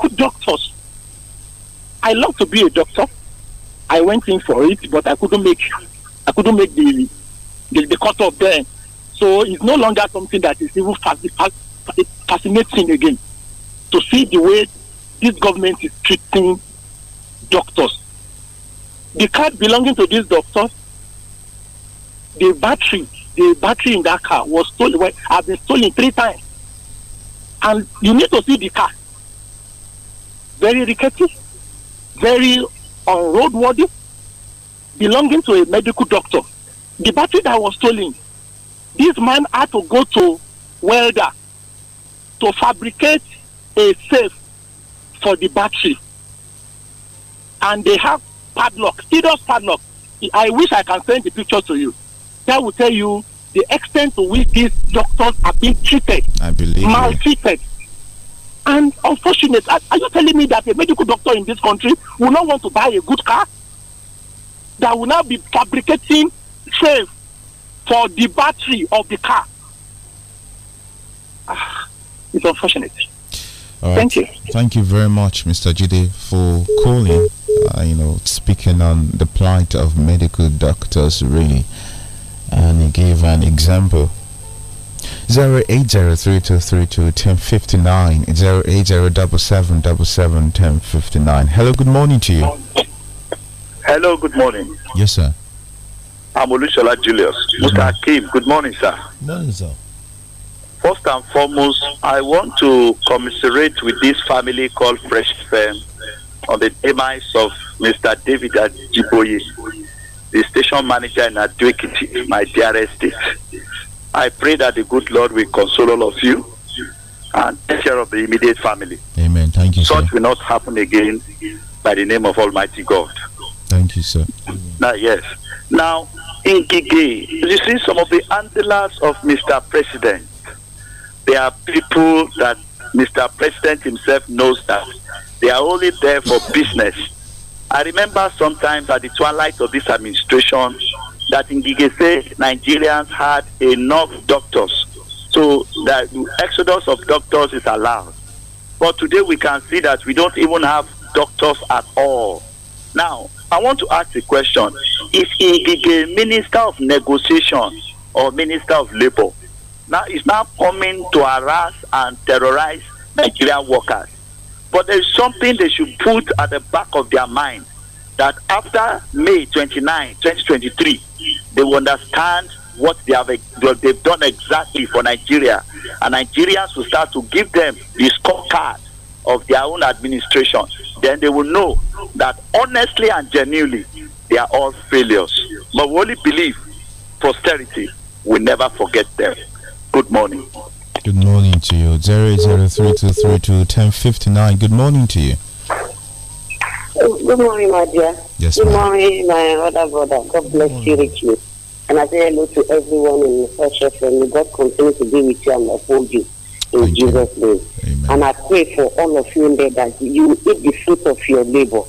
good doctors. I love to be a doctor. I went in for it, but I couldn't make I couldn't make the the, the cut off there. So it's no longer something that is even fascinating again to see the way this government is treating doctors. The card belonging to these doctors, the battery, the battery in that car was stolen. Well, have been stolen three times, and you need to see the car very rickety, very unroadworthy, belonging to a medical doctor. The battery that was stolen, this man had to go to welder to fabricate a safe for the battery. And they have padlock, serious padlock. I wish I can send the picture to you. That will tell you the extent to which these doctors are being treated, I believe maltreated. And unfortunate, are, are you telling me that a medical doctor in this country will not want to buy a good car? That will now be fabricating safe for the battery of the car. Ah, it's unfortunate. Thank you. Thank you very much, Mr. Jide, for calling. Uh, you know, speaking on the plight of medical doctors, really, and he gave an example Zero eight zero three two three two ten fifty nine zero eight zero double seven double seven ten fifty nine. Hello, good morning to you. Hello, good morning. Yes, sir. I'm Olushola Julius. Good Mr. good morning, sir. Good sir. First and foremost, I want to commiserate with this family called Fresh Firm on the demise of Mr. David Ajiboye, the station manager in Aduekiti, my dear estate. I pray that the good Lord will console all of you and take care of the immediate family. Amen. Thank you. Such sir. will not happen again by the name of Almighty God. Thank you, sir. Now, yes. Now, in Gigi, you see some of the handlers of Mr. President. They are people that Mr. President himself knows that they are only there for business. I remember sometimes at the twilight of this administration, that in Gigese, Nigerians had enough doctors. So that exodus of doctors is allowed. But today we can see that we don't even have doctors at all. Now, I want to ask a question. Is Igige Minister of Negotiation or Minister of Labor now is now coming to harass and terrorize Nigerian workers? But there is something they should put at the back of their mind that after May 29, 2023, they will understand what they have what they've done exactly for Nigeria, and Nigerians will start to give them the scorecard of their own administration. Then they will know that honestly and genuinely, they are all failures. But we only believe posterity will never forget them. Good morning. Good morning to you. 0803232 Good morning to you. Good morning, my dear. Yes, Good morning, my other brother. God bless you Richard. And I say hello to everyone in the Fresh FM. God continue to be with you and uphold you in Thank Jesus' you. name. Amen. And I pray for all of you in there that you eat the fruit of your labor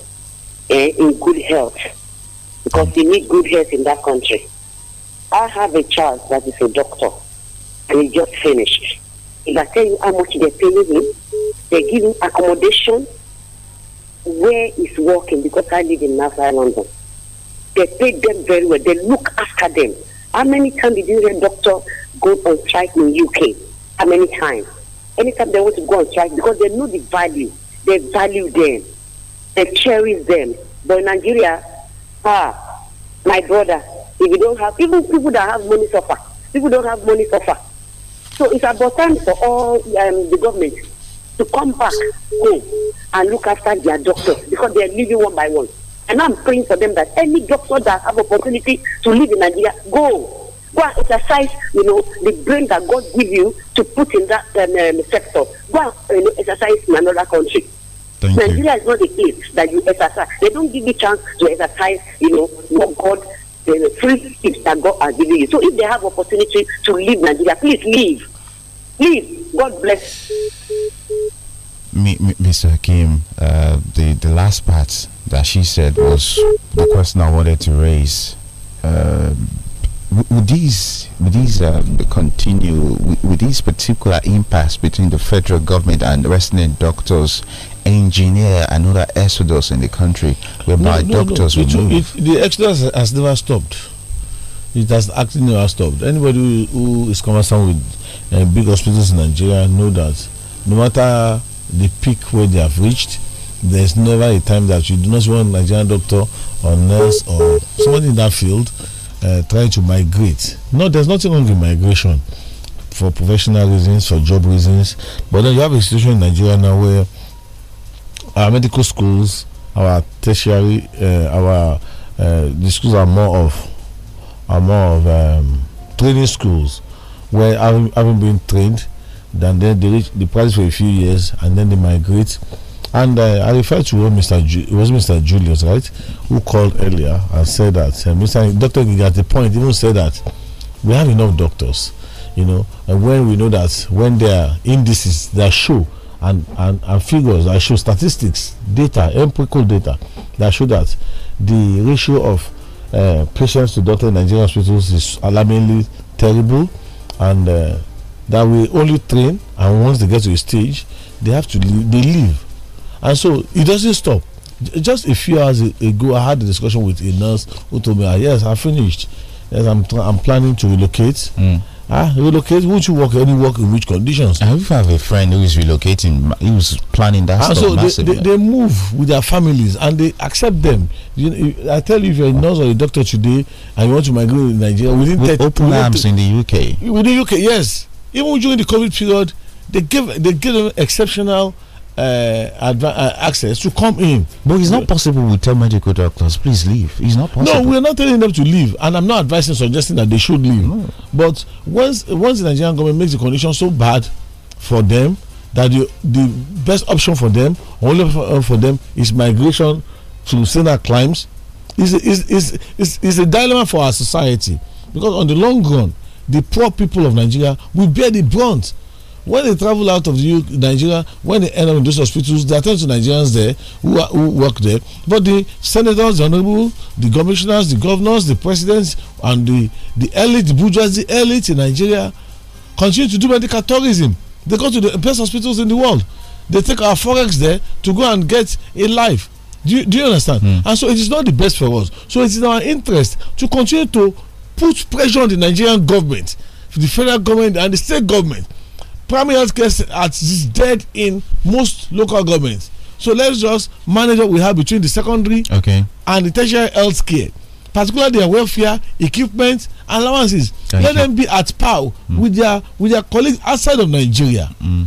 eh, in good health because you need good health in that country. I have a child that is a doctor and he just finished. If I tell you how much they pay him, they give him accommodation where is working because I live in Northern London. They paid them very well. They look after them. How many times did you hear doctor go on strike in UK? How many times? Anytime they want to go on strike because they know the value. They value them. They cherish them. But in Nigeria, ah, my brother, if you don't have even people that have money suffer. People don't have money suffer. So it's about time for all um, the government to come back home and look after their doctor because they are leaving one by one. And I'm praying for them that any doctor that have opportunity to live in Nigeria, go. Go and exercise, you know, the brain that God give you to put in that um, um, sector. Go and uh, you know, exercise in another country. Thank Nigeria you. is not the place that you exercise. They don't give you chance to exercise, you know, what God, the uh, free gifts that God has given you. So if they have opportunity to leave Nigeria, please leave Please, God bless. Mr. Kim, uh, the, the last part that she said was the question I wanted to raise. Uh, would these, would these uh, continue, with these particular impasse between the federal government and resident doctors engineer another exodus in the country whereby no, no, doctors no. It, move? It, the exodus has never stopped. It has actually never stopped. Anybody who is conversant with uh, big hospitals in Nigeria know that no matter the peak where they have reached, there's never a time that you do not want Nigerian doctor or nurse or somebody in that field uh, trying to migrate. No, there's nothing wrong with migration for professional reasons, for job reasons. But then you have a situation in Nigeria now where our medical schools, our tertiary, uh, our uh, the schools are more of are more of um, training schools where having, having been trained, then they, they reach the practice for a few years and then they migrate. And uh, I refer to what Mr. Ju- was Mr. Julius, right, who called earlier and said that uh, Mr. Doctor at the point even said that we have enough doctors, you know, and when we know that when there are indices that show and, and, and figures that show statistics, data, empirical data that show that the ratio of uh, patients to doctors in Nigerian hospitals is alarmingly terrible and uh, that we only train and once they get to a stage they have to leave, they leave and so it doesn't stop just a few hours ago i had a discussion with a nurse who told me ah, yes i finished yes i'm, I'm planning to relocate mm. Ah, relocate? Would you work Any work in which conditions? I I have a friend who is relocating, he was planning that and ah, so they, they, they, move with their families and they accept them. You, I tell you, if you're a nurse or a doctor today and you want to migrate to Nigeria, within with open arms in the UK. Within the UK, yes. Even during the COVID period, they give they give them exceptional uh, uh, access to come in. But it's not possible we tell medical Doctors, please leave. It's not possible. No, we're not telling them to leave. And I'm not advising, suggesting that they should leave. No. But once, once the Nigerian government makes the condition so bad for them, that the, the best option for them, only for, uh, for them, is migration to thinner climes, is, is, is, is a dilemma for our society. Because on the long run, the poor people of Nigeria will bear the brunt when they travel out of the Nigeria, when they end up in those hospitals, they attend to Nigerians there who, are, who work there. But the senators, the honorable, the commissioners, the governors, the presidents, and the, the elite, the bourgeoisie elite in Nigeria continue to do medical tourism. They go to the best hospitals in the world. They take our forex there to go and get a life. Do you, do you understand? Mm. And so it is not the best for us. So it is our interest to continue to put pressure on the Nigerian government, the federal government, and the state government primary health care is dead in most local governments. So let's just manage what we have between the secondary okay. and the tertiary health care, particularly their welfare, equipment, and allowances. Thank Let you. them be at par mm. with their with their colleagues outside of Nigeria. Mm. A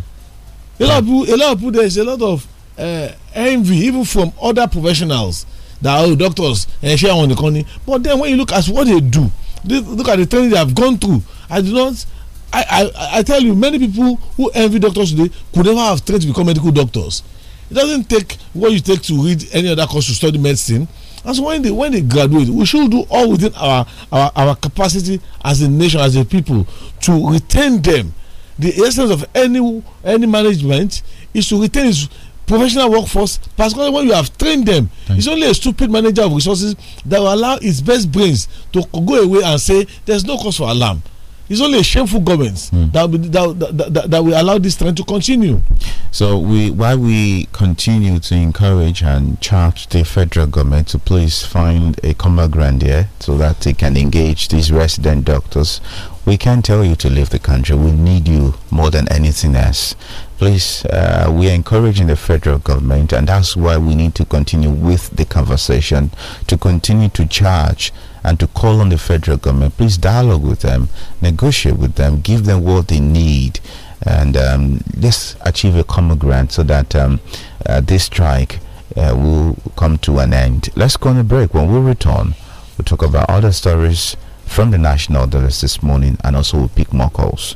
yeah. lot of people, a lot of people, there's a lot of uh, envy even from other professionals that are oh, doctors and eh, share on the corner. But then when you look at what they do, look at the training they have gone through. I do not I, I, I tell you, many people who envy doctors today could never have trained to become medical doctors. It doesn't take what you take to read any other course to study medicine. And so when they when they graduate, we should do all within our, our, our capacity as a nation, as a people, to retain them. The essence of any any management is to retain its professional workforce, particularly when you have trained them. Thank it's only a stupid manager of resources that will allow its best brains to go away and say there's no cause for alarm. It's only a shameful government mm. that, will, that, that, that, will allow this trend to continue. So, we, while we continue to encourage and charge the federal government to please find a common ground here so that they can engage these resident doctors, we can't tell you to leave the country. We need you more than anything else. Please, uh, we are encouraging the federal government, and that's why we need to continue with the conversation to continue to charge and to call on the federal government. Please dialogue with them, negotiate with them, give them what they need, and um, let's achieve a common ground so that um, uh, this strike uh, will come to an end. Let's go on a break. When we return, we'll talk about other stories from the national address this morning and also we'll pick more calls.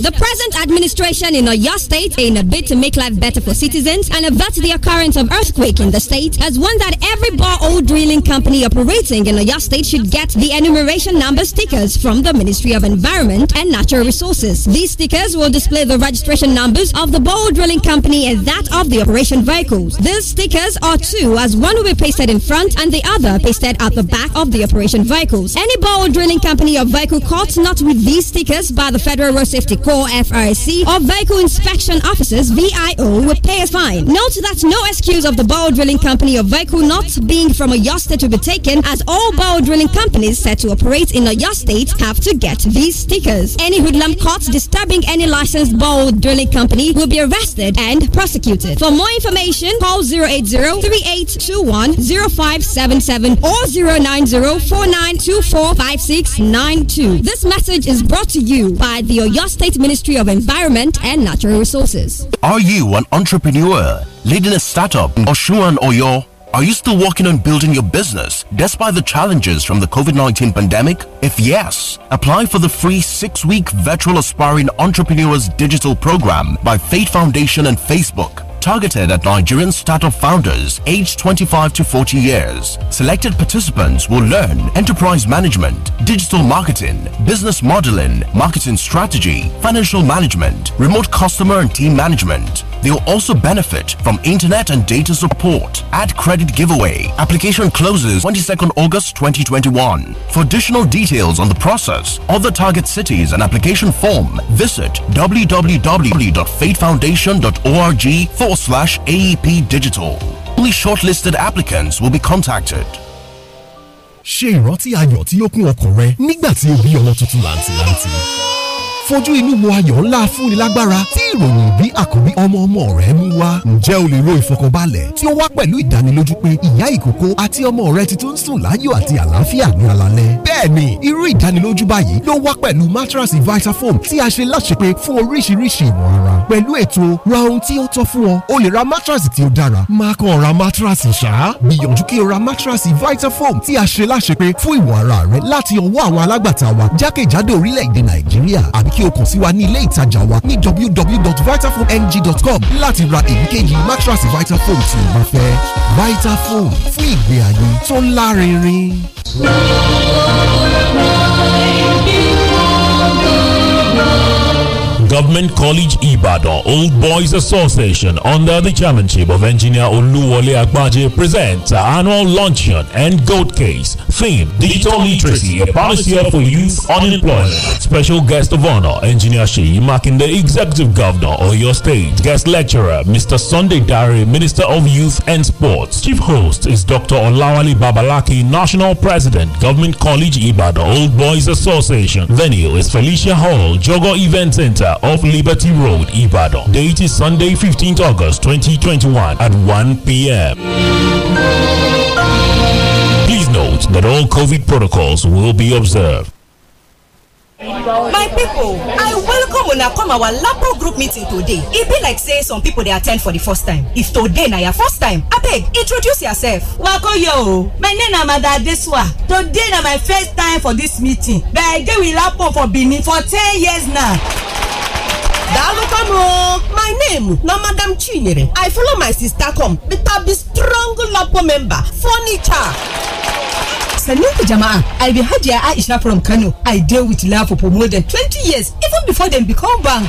The present administration in Oyo State, in a bid to make life better for citizens and avert the occurrence of earthquake in the state, has won that every borehole drilling company operating in Oyo State should get the enumeration number stickers from the Ministry of Environment and Natural Resources. These stickers will display the registration numbers of the borehole drilling company and that of the operation vehicles. These stickers are two, as one will be pasted in front and the other pasted at the back of the operation vehicles. Any borehole drilling company or vehicle caught not with these stickers by the Federal Road Safety Corps Core FRC or Vehicle Inspection Officers VIO will pay a fine. Note that no excuse of the Bow Drilling Company or Vehicle not being from Oyo State will be taken as all bow drilling companies set to operate in Oyo State have to get these stickers. Any hoodlum caught disturbing any licensed bow drilling company will be arrested and prosecuted. For more information, call 080-3821-0577 or 090-4924-5692. This message is brought to you by the Oyo State Ministry of Environment and Natural Resources. Are you an entrepreneur leading a startup or Shuan Oyo? Are you still working on building your business despite the challenges from the COVID 19 pandemic? If yes, apply for the free six week virtual aspiring entrepreneurs digital program by Faith Foundation and Facebook targeted at Nigerian startup founders aged 25 to 40 years. Selected participants will learn enterprise management, digital marketing, business modeling, marketing strategy, financial management, remote customer and team management. They'll also benefit from internet and data support. Add credit giveaway. Application closes 22nd August 2021. For additional details on the process, other target cities and application form, visit www.fatefoundation.org forward slash AEP Digital. Only shortlisted applicants will be contacted. ṣe ìrántí ayọ̀ tí ó kún ọkàn rẹ nígbà tí o bí ọmọ tuntun làǹtìlanti. fojú inú wo ayọ̀ ńlá fúnni lágbára tí ìròyìn bí àkòrí ọmọ ọmọ rẹ mú wá. ǹjẹ́ o lè ro ìfọkànbalẹ̀ tí ó wá pẹ̀lú ìdánilójú pé ìyá ìkókó àti ọmọ rẹ ti tún sùn láyọ̀ àti àlàáfíà ní alalẹ́. bẹ́ẹ̀ni irú ìdánilójú báyìí ló wá pẹ̀lú matrasi Vitafoam tí a ṣe láṣepé fún oríṣiríṣi ìwọ̀n ara. pẹ̀lú ètò ra ohun tí ó tọ́ fún ọ o lè ra matrasi tí ó dára má kàn ra matrasi ṣá. gbìyànjú kí o ra matrasi Vitafoam tí a ṣe láṣepé fún ìwọ̀n ara rẹ láti ọwọ́ àwọn alágbàtà wa jákèjádò orílẹ̀-èdè Nàìjíríà àbí kí o kàn sí wa ní ilé ìtajà wa ní www.vitafoamng.com láti ra èyíkéyìí mattress Vitafoam tí o bá fẹ́ Vitafoam fún ìgbé ayé tó lárinrin. Government College Ibadan Old Boys Association under the chairmanship of Engineer Oluwole Agbaje, presents annual luncheon and goat case theme Digital Literacy, a policy for youth unemployment. Special guest of honor Engineer Sheyi Makinde, Executive Governor of your State. Guest lecturer Mr. Sunday Dari, Minister of Youth and Sports. Chief host is Dr. Olawale Babalaki, National President, Government College Ibadan Old Boys Association. Venue is Felicia Hall, Jogo Event Center off Liberty Road, Ibadan. Date is Sunday, 15th August 2021 at 1 p.m. Please note that all COVID protocols will be observed. my people, i welcome una come our lapo group meeting today e be like say some people they attend for the first time if today na your first time abeg introduce yourself. Wako yo, my name na mother adesuwa today na my first time for this meeting but i with lapo for benin for ten years now daalụkwanụ my name na madam i follow my sister come I be strong lopo member furniture sannin ku jama'a i be hajiya aisha from kano i deal with love for more than 20 years even before they become bank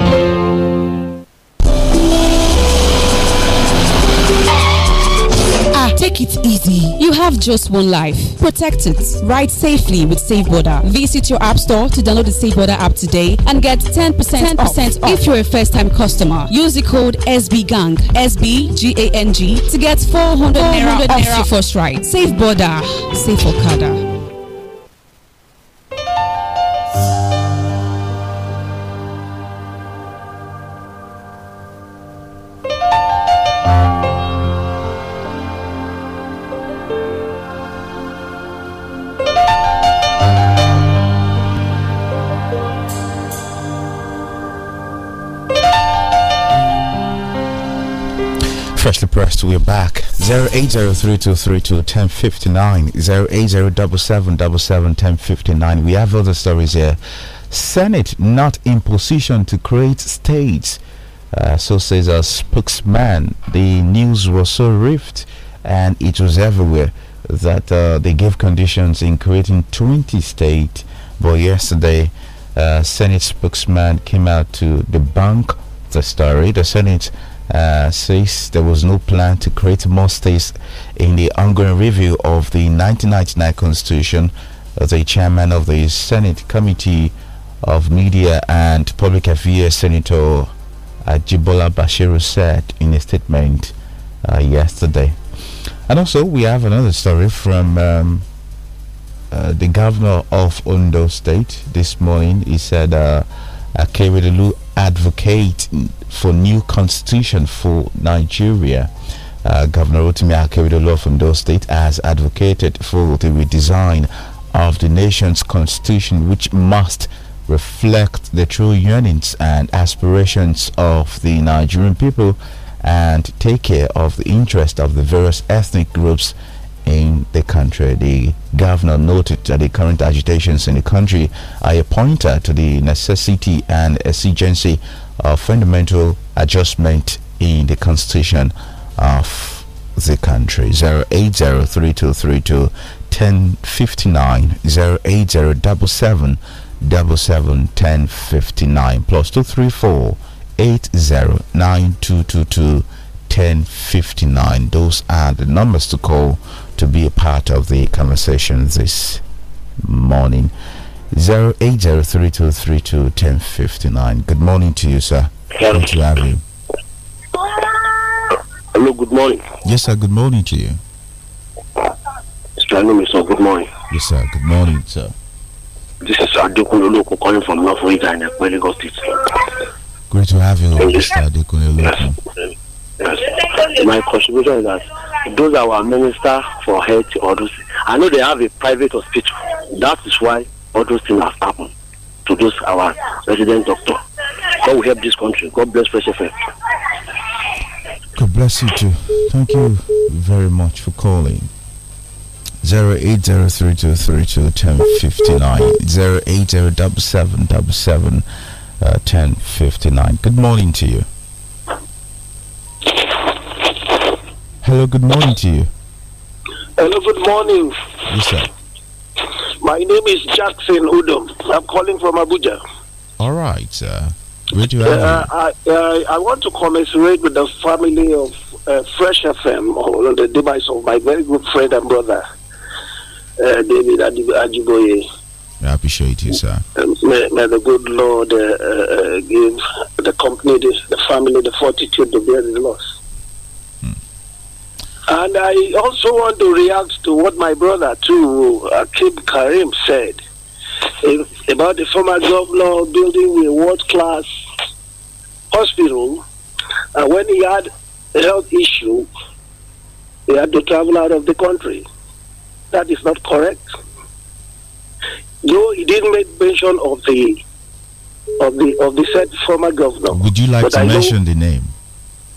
It's it easy. You have just one life. Protect it. Ride safely with Border. Visit your app store to download the Border app today and get 10%, 10% off. off. if you're a first time customer. Use the code SBGANG, SBGANG, to get 400, 400 naira, off your first ride. SafeBorder. Safe Okada. request. We're back. 08032321059. 08077771059. We have other stories here. Senate not in position to create states. Uh, so says a spokesman. The news was so rift and it was everywhere that uh, they gave conditions in creating 20 states. But yesterday, uh, Senate spokesman came out to debunk the story. The Senate uh, says there was no plan to create more states in the ongoing review of the 1999 Constitution. The chairman of the Senate Committee of Media and Public Affairs, Senator Ajibola Bashiru, said in a statement uh, yesterday. And also, we have another story from um, uh, the governor of Ondo State this morning. He said. Uh, Akeredolu advocate for new constitution for Nigeria. Uh, Governor Rotimi Akeredolu from those State has advocated for the redesign of the nation's constitution, which must reflect the true yearnings and aspirations of the Nigerian people and take care of the interest of the various ethnic groups in the country. The governor noted that the current agitations in the country are a pointer to the necessity and exigency of fundamental adjustment in the constitution of the country. 0803232 1059 1059 plus 234 1059. Those are the numbers to call to be a part of the conversation this morning. 0803232159. Good morning to you, sir. Hello. Good to have you. Hello, good morning. Yes, sir. Good morning to you. Mr. Anumi, sir. Good morning. Yes, sir. Good morning, sir. This is Adekunle Oloko calling from North Florida in Lagos State. Great to have you, Mr. Adekunle Oloko. Yes. Yes. My contribution is that those are our minister for health or those I know they have a private hospital. That is why all those things have happened to those our resident doctor. God will help this country. God bless Fresh God bless you too. Thank you very much for calling. 08032321059 0807777 uh, 1059. Good morning to you. Hello, good morning to you. Hello, good morning. Yes, sir. My name is Jackson Udom. I'm calling from Abuja. All right, sir. Where do uh, you uh, I, I want to commiserate with the family of uh, Fresh FM on the demise of my very good friend and brother, uh, David Ajiboye. I appreciate you, sir. Um, may, may the good Lord uh, uh, give the company, the, the, family, the fortitude to bear the loss. Hmm. And I also want to react to what my brother, too, Akib Karim, said about the former governor building a world class hospital. And when he had a health issue, he had to travel out of the country. That is not correct though he didn't make mention of the of the of the said former governor. Would you like to I mention know, the name?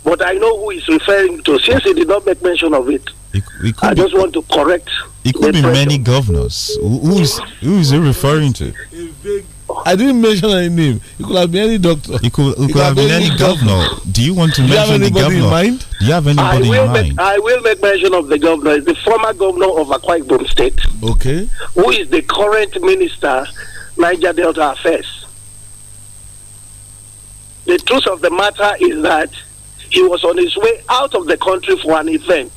But I know who he's referring to. Since he did not make mention of it, it, it I just want to correct. It could be pressure. many governors. Who is who is he referring to? A vague I didn't mention any name. It could have been any doctor. It could, it could, it could have, have, been, any governor. Do you want to Do mention the governor? In mind? Do you have anybody in mind? Make, I will make mention of the governor. It's the former governor of Akwa Ibom State. Okay. Who is the current minister, Niger Delta Affairs. The truth of the matter is that he was on his way out of the country for an event.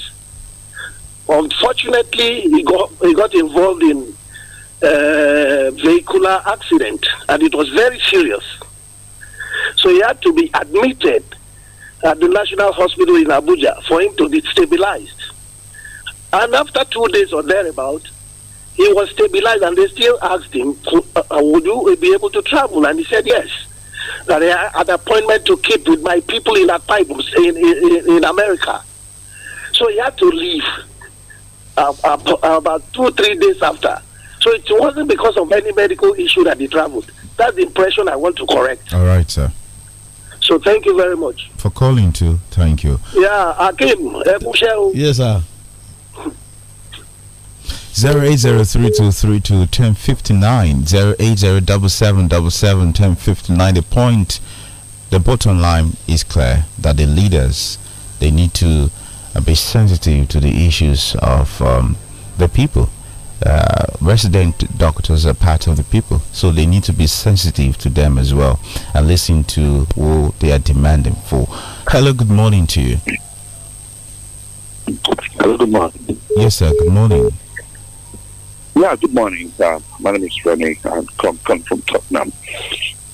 Unfortunately, he got, he got involved in uh, vehicular accident, and it was very serious. So he had to be admitted at the National Hospital in Abuja for him to be stabilized. And after two days or thereabout, he was stabilized, and they still asked him, uh, uh, "Would you be able to travel?" And he said, "Yes." That I had an appointment to keep with my people in in, in, in America. So he had to leave uh, uh, about two, three days after. So it wasn't because of any medical issue that he traveled. That's the impression I want to correct. All right, sir. So thank you very much. For calling too. Thank you. Yeah, Akim. Yes, sir. 08032321059 08077771059 the point the bottom line is clear that the leaders they need to uh, be sensitive to the issues of um, the people uh, resident doctors are part of the people, so they need to be sensitive to them as well and listen to what they are demanding for. Hello, good morning to you. Hello, good morning. Yes, sir, good morning. Yeah, good morning. Uh, my name is Rene. I come, come from Tottenham.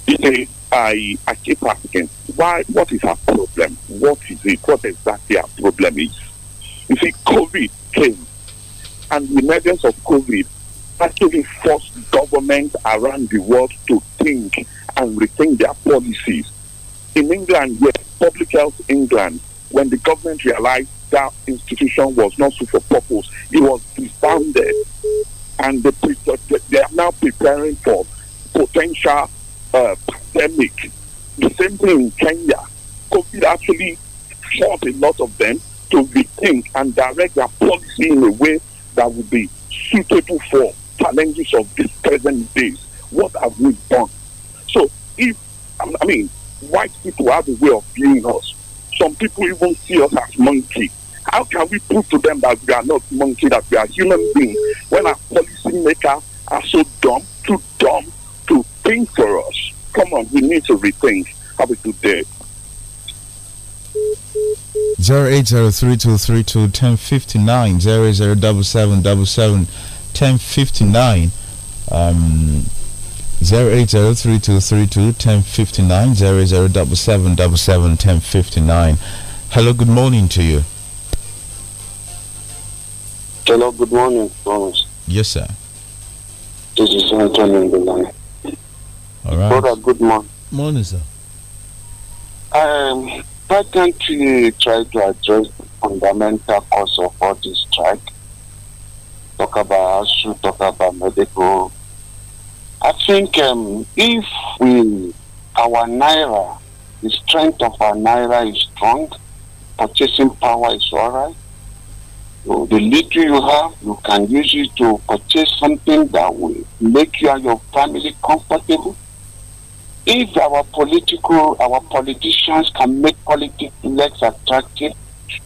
You see, I, I keep asking, why? What is our problem? What is it? What exactly our problem is? You see, COVID came and the emergence of COVID actually forced governments around the world to think and rethink their policies. In England, where Public Health England, when the government realized that institution was not fit for purpose, it was disbanded. And they, they are now preparing for potential uh, pandemic. The same thing in Kenya. COVID actually forced a lot of them to rethink and direct their policy in a way that will be suitable for challenges of this present days. What have we done? So, if I mean, white people have a way of viewing us. Some people even see us as monkey. How can we prove to them that we are not monkey, that we are human beings, when our policymakers are so dumb, too dumb to think for us? Come on, we need to rethink. Have a good day. Zero eight zero three two three two ten fifty nine zero zero double seven double seven ten fifty nine. um Zero eight zero three two three two ten fifty nine zero zero double seven double seven ten fifty nine. Hello good morning to you Hello good morning Thomas Yes sir This is Anthony in the line All right good morning Morning sir Um we try to address the fundamental cause of all this strike. Talk about ASU, talk about medical. I think um, if we, our Naira, the strength of our Naira is strong, purchasing power is all right. So the little you have, you can use it to purchase something that will make you and your family comfortable if our political, our politicians can make politics less attractive,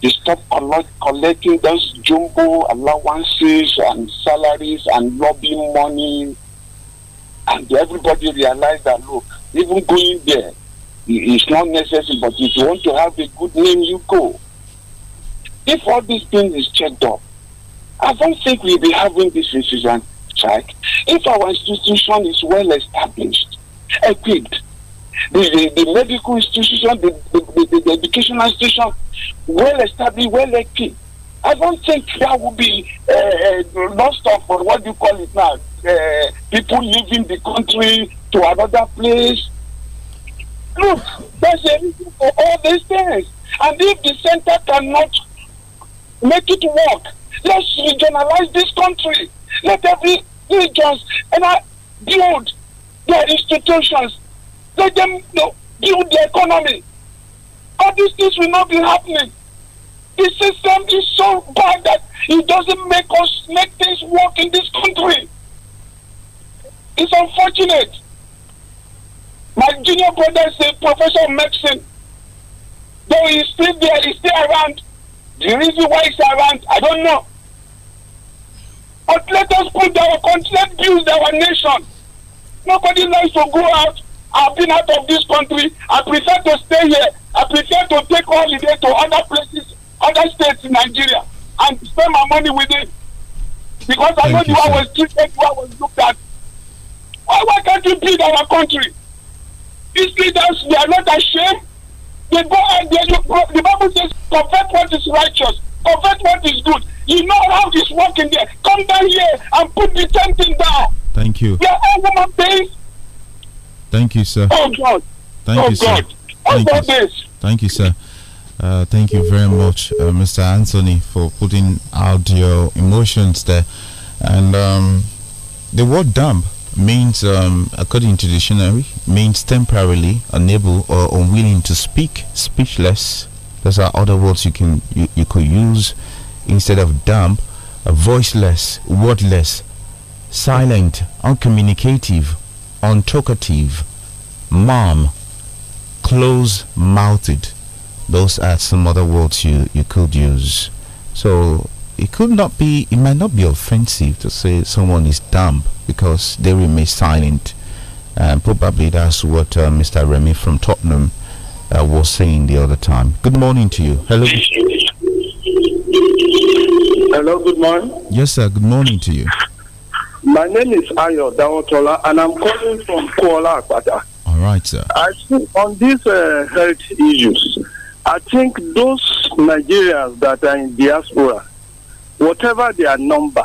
they stop collect, collecting those jumbo allowances and salaries and lobbying money, and everybody realise that look, even going there is not necessary, but if you want to have a good name, you go. If all these things is checked up, I don't think we'll be having this incident, strike. If our institution is well established, equipped. The, the, the medical institution, the, the, the, educational institution, well established, well equipped. I don't think that would be uh, lost uh, of what do you call it now? Uh, people leaving the country to another place. Look, there's a reason for all these things. And if the center cannot make it work, let's regionalize this country. Let every region and I build their institutions. Let them you know, build the economy. All these things will not be happening. The system is so bad that it doesn't make us make things work in this country. It's unfortunate. My junior brother is a professor of medicine. Though he's still there, he's still around. The reason why he's around, I don't know. But let us put our country, let build our nation. Nobody likes to go out. I've been out of this country. I prefer to stay here. I prefer to take holiday to other places, other states in Nigeria, and spend my money with it. Because Thank I know you, the one was treated, the one was looked at. Why, why can't you build our country? These leaders, they are not ashamed. They go and they, the Bible says, perfect what is righteous covet what is good. You know how this working there. Come down here and put the same thing down. Thank you. You're all woman things. Thank you, sir. Oh God. Thank oh, you, God. sir. Thank you. This? Thank you, sir. Uh, thank you very much, uh, Mr. Anthony, for putting out your emotions there. And um, the word "dumb" means, um, according to the dictionary, means temporarily unable or unwilling to speak, speechless, those are other words you can you, you could use instead of dumb, voiceless, wordless, silent, uncommunicative, untalkative, mum, close-mouthed. Those are some other words you, you could use. So it could not be, it might not be offensive to say someone is dumb because they remain silent. And probably that's what uh, Mr. Remy from Tottenham uh, was saying the other time. Good morning to you. Hello. Hello, good morning. Yes, sir. Good morning to you. My name is Ayo Dawotola, and I'm calling from Kuala Akpata. All right, sir. I think on these uh, health issues, I think those Nigerians that are in diaspora, whatever their number,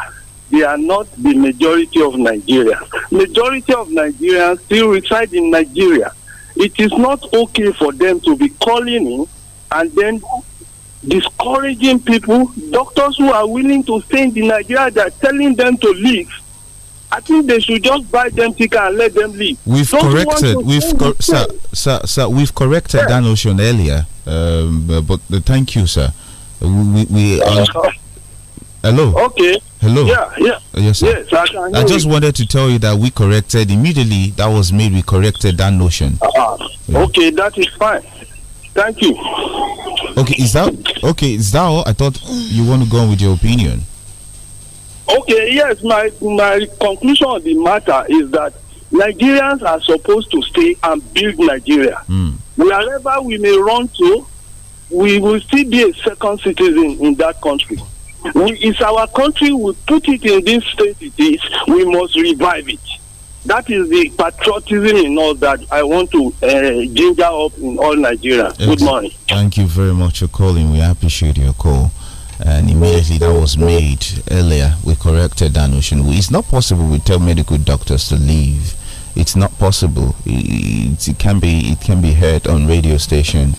they are not the majority of Nigerians. Majority of Nigerians still reside in Nigeria. It is not okay for them to be calling in and then discouraging people, doctors who are willing to stay in Nigeria, they're telling them to leave. I think they should just buy them ticket and let them leave. We've corrected, we've cor sir, sir, sir, we've corrected that notion earlier. Um, but, but uh, thank you, sir. We, we, we Hello. Okay. Hello. Yeah, yeah. Uh, yes, sir. Yes, I, I just wanted to tell you that we corrected immediately. That was made. We corrected that notion. Uh, yeah. Okay, that is fine. Thank you. Okay, is that okay? Is that all? I thought you want to go on with your opinion. Okay. Yes, my my conclusion on the matter is that Nigerians are supposed to stay and build Nigeria. Mm. Wherever we may run to, we will still be a second citizen in that country we, it's our country. We put it in this state it is. We must revive it. That is the patriotism in all that I want to uh, ginger up in all Nigeria. Okay. Good morning. Thank you very much for calling. We appreciate your call. And immediately that was made earlier, we corrected that notion. It's not possible we tell medical doctors to leave. It's not possible. It, it can be it can be heard on radio station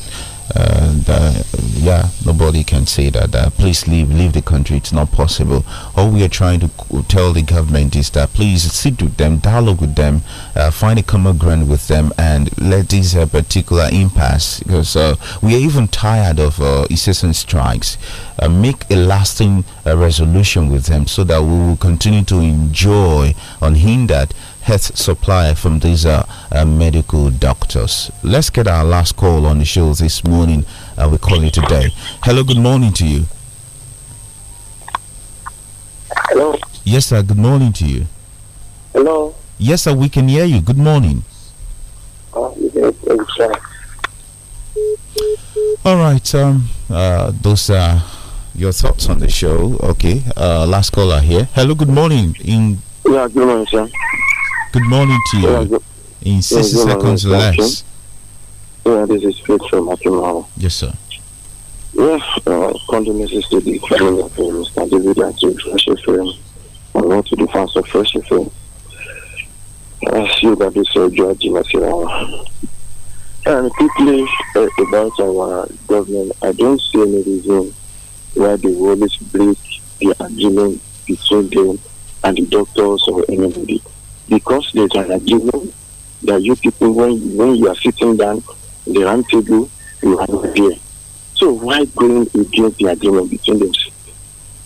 uh, yeah, nobody can say that, uh, Please leave, leave the country. It's not possible. All we are trying to tell the government is that please sit with them, dialogue with them, uh, find a common ground with them, and let this uh, particular impasse. Because uh, we are even tired of uh, incessant strikes. make a lasting resolution with them so that we will continue to enjoy unhindered health supply from these uh, uh, medical doctors. Let's get our last call on the show this morning. Uh, we call it today. Hello, good morning to you. Hello. Yes, sir. Good morning to you. Hello. Yes, sir. We can hear you. Good morning. Oh, All right. Um. Uh. Those are your thoughts on the show. Okay. Uh. Last caller here. Hello. Good morning. In yeah. Good morning, sir. Good morning to you. Yeah, In 60 yeah, seconds less. Yeah, this is Faith from Akimau. Yes, sir. Yes, uh, condolences to the children of Mr. David and to Fresh FM and all to the fans of Fresh FM. As you that is uh, George Masilawa. And quickly uh, about our government, I don't see any reason why the will always break the agreement between them and the doctors or anybody because there's an agreement that you people, when, when you are sitting down, the round table, you have a beer. So why going against the agreement between them?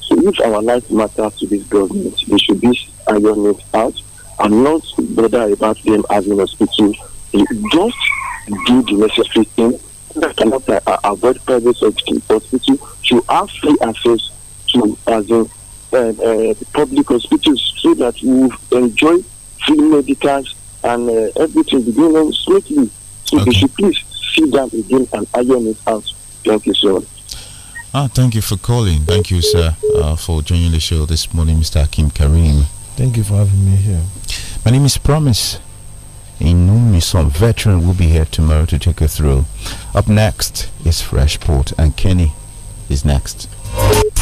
So if our life matters to this government, they should be iron out and not bother about them having a speaking. Just do the necessary thing that cannot uh, uh, avoid private hospital to have free access to as in, uh, uh, public hospitals so that we enjoy free medicals and uh, everything be going on smoothly. So okay. they should please sit down again and iron it out. Thank you so much. Ah, thank you for calling. Thank you, sir, uh, for joining the show this morning, Mr. Akim Karim. Thank you for having me here. My name is Promise. Inumi, some veteran, will be here tomorrow to take you through. Up next is Freshport, and Kenny is next.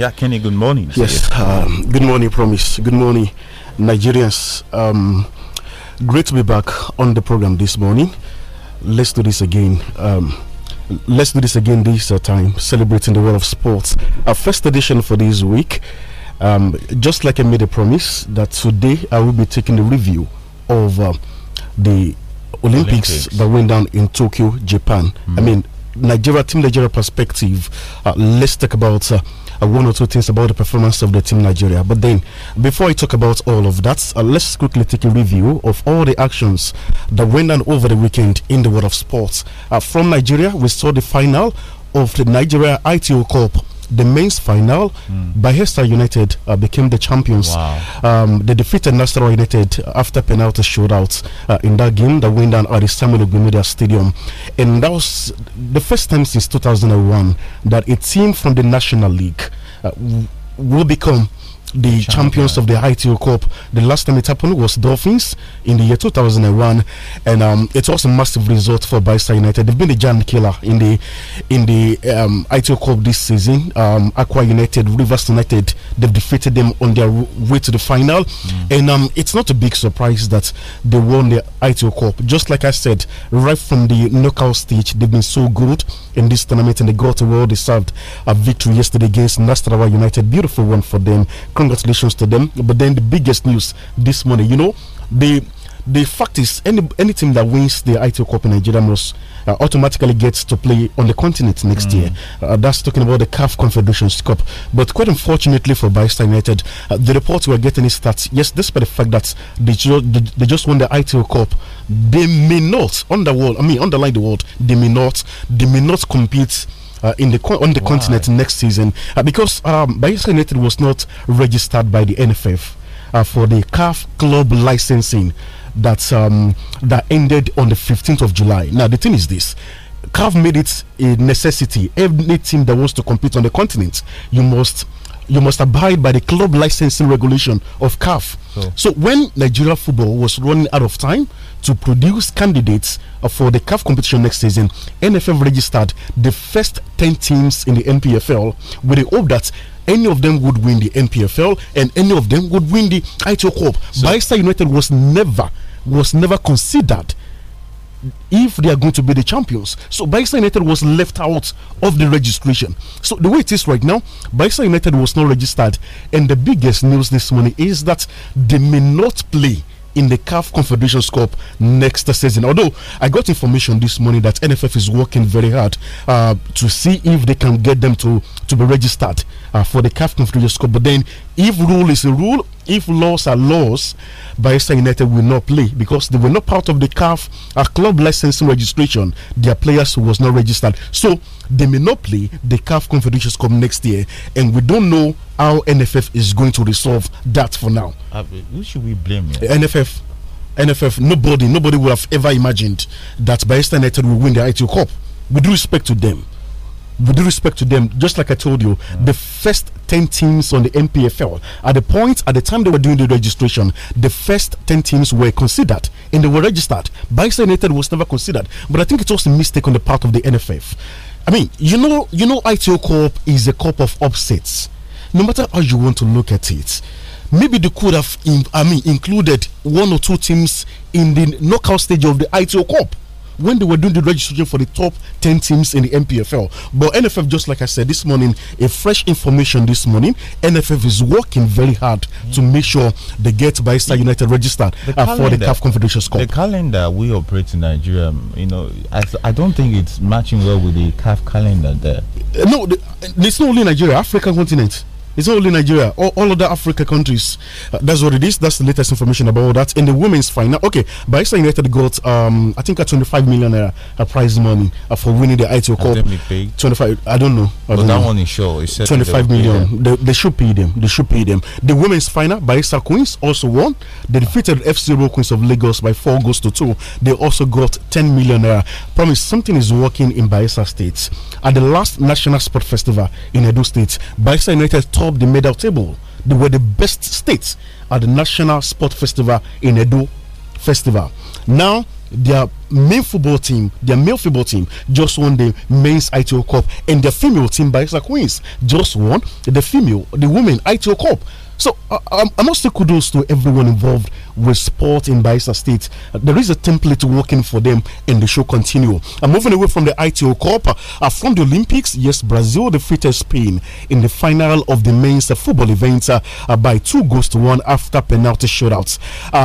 Yeah, Kenny, good morning. Yes, um, good morning, Promise. Good morning, Nigerians. Um, great to be back on the program this morning. Let's do this again. Um, let's do this again this uh, time, celebrating the world of sports. Our first edition for this week. Um, just like I made a promise that today I will be taking a review of uh, the Olympics, Olympics, that went down in Tokyo, Japan. Mm. I mean, Nigeria, Team Nigeria perspective. Uh, let's talk about uh, uh, one or two things about the performance of the team Nigeria. But then, before I talk about all of that, uh, let's quickly take a review of all the actions that went on over the weekend in the world of sports. Uh, from Nigeria, we saw the final of the Nigeria ITO Cup the men's final, mm. Hester United uh, became the champions. Wow. Um, they defeated Nasarawa United after penalty shootouts uh, in that game that went down at the Samuel Ogumudia Stadium. And that was the first time since 2001 that a team from the National League uh, will become the champions of the ITO Cup. The last time it happened was Dolphins in the year 2001, and um, it was a massive result for Baisa United. They've been the giant killer in the in the um, ITO Cup this season. Um, Aqua United, Rivers United, they've defeated them on their way to the final, mm. and um, it's not a big surprise that they won the ITO Cup. Just like I said, right from the knockout stage, they've been so good in this tournament, and they got a well-deserved A uh, victory yesterday against Nastrawa United. Beautiful one for them congratulations to them. But then the biggest news this morning, you know, the the fact is, any any team that wins the ITO Cup in Nigeria must uh, automatically gets to play on the continent next mm. year. Uh, that's talking about the CAF Confederations Cup. But quite unfortunately for Barista United, uh, the reports we're getting is that yes, despite the fact that they, ju they, they just won the ITO Cup, they may not on the world. I mean, underline the world, they may not, they may not compete uh, in the on the Why? continent next season uh, because um, United was not registered by the NFF uh, for the CAF club licensing that um, that ended on the 15th of July. Now the thing is this. CAF made it a necessity. Every team that wants to compete on the continent, you must you must abide by the club licensing regulation of CAF. So, so when Nigeria football was running out of time to produce candidates for the CAF competition next season, NFF registered the first 10 teams in the NPFL with the hope that any of them would win the NPFL and any of them would win the ITO Cup. So, United was never was never considered if they are going to be the champions. So Bayelsa United was left out of the registration. So the way it is right now, Bayelsa United was not registered. And the biggest news this morning is that they may not play in the CAF Confederation Cup next season. Although I got information this morning that NFF is working very hard uh, to see if they can get them to to be registered uh, for the CAF Confederation Cup, but then if rule is a rule, if laws are laws, Barista United will not play because they were not part of the CAF a club licensing registration. Their players was not registered. So they may not play the CAF Confederations Cup next year. And we don't know how NFF is going to resolve that for now. Uh, who should we blame? Here? NFF. NFF, nobody, nobody would have ever imagined that Barista United will win the ITU Cup. With respect to them, with respect to them, just like I told you, mm. the first 10 teams on the MPFL, at the point, at the time they were doing the registration, the first 10 teams were considered and they were registered. Bayelsa United was never considered. But I think it was a mistake on the part of the NFF. I mean, you know, you know, ITO Corp is a corp of upsets. No matter how you want to look at it, maybe they could have, I mean, included one or two teams in the knockout stage of the ITO Corp when they were doing the registration for the top 10 teams in the MPFL. But NFF, just like I said this morning, a fresh information this morning, NFF is working very hard mm. to make sure they get Baista United registered the uh, calendar, for the CAF Confederation Cup. The calendar we operate in Nigeria, um, you know, I, I don't think it's matching well with the CAF calendar there. Uh, no, the, it's not only Nigeria, African continent. It's only Nigeria. All, all other Africa countries. Uh, that's what it is. That's the latest information about that. In the women's final, okay, Barista United got um, I think a uh, 25 million naira uh, prize money uh, for winning the ITO Cup. 25. I don't know. I but don't that know. one is sure. It's 25 million. They, they, should pay them. They should pay them. The women's final, Barista Queens also won. They defeated FC 0 Queens of Lagos by four goals to two. They also got 10 million naira. Promise something is working in Bayelsa State. At the last National Sport Festival in Edo State, Bayelsa United the medal table. They were the best states at the National Sport Festival in Edo Festival. Now, their main football team, their male football team, just won the men's ITO Cup, and their female team, Barista Queens, just won the female, the women ITO Cup. So uh, um, I must say kudos to everyone involved with sport in Baisa State. Uh, there is a template working for them, and the show continue. I'm moving away from the ITO Cup. Uh, uh, from the Olympics, yes, Brazil defeated Spain in the final of the men's football event uh, uh, by two goals to one after penalty shootouts.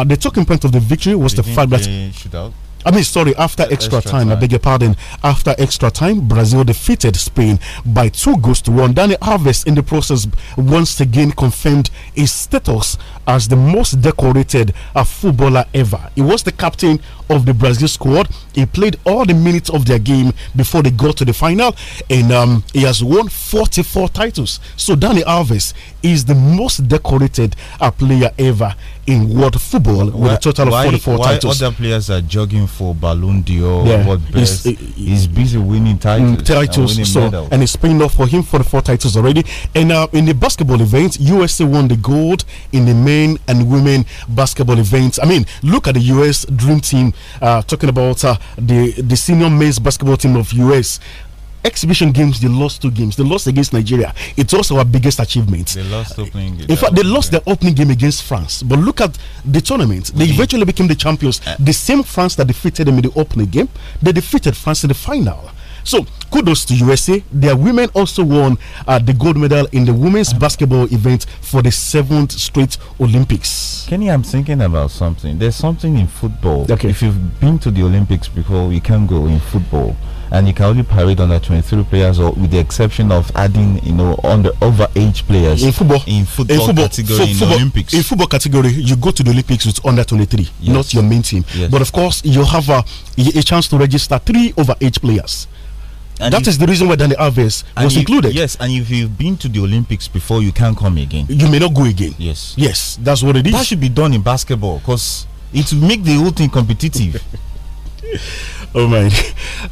the talking point of the victory was the fact that shootout. I mean, sorry, after extra, extra time, time, I beg your pardon. After extra time, Brazil defeated Spain by two goals to one. Danny Alves, in the process, once again confirmed his status as the most decorated uh, footballer ever. He was the captain of the Brazil squad. He played all the minutes of their game before they got to the final, and um, he has won 44 titles. So Danny Alves is the most decorated uh, player ever in world football why, with a total of 44 why titles. Other players are jogging for Ballon d'Or. Yeah. What best? He's, he's, busy winning titles. Mm, titles and winning so, and it's paying off for him 44 titles already. And uh, in the basketball event, USA won the gold in the men and women basketball events. I mean, look at the US Dream Team. Uh, talking about uh, the the senior men's basketball team of US exhibition games, they lost two games. They lost against Nigeria. It's also our biggest achievement. They lost opening. game. In fact, they lost their opening game against France. But look at the tournament. They mm-hmm. eventually became the champions. Uh. The same France that defeated them in the opening game, they defeated France in the final. So kudos to USA. Their women also won uh, the gold medal in the women's uh. basketball event for the seventh straight Olympics. Kenny, I'm thinking about something. There's something in football. Okay. If you've been to the Olympics before, you can go in football and you can only parade under 23 players, or with the exception of adding, you know, under overage players in football, in football, in football category, in football, Olympics. In football category, you go to the Olympics with under 23, yes. not your main team. Yes. But of course, you have a, a chance to register three overage players. And that if, is the reason why Danny Alves was if, included. Yes, and if you've been to the Olympics before, you can't come again. You may not go again. Yes. Yes, that's what it is. That should be done in basketball because it will make the whole thing competitive. Oh my,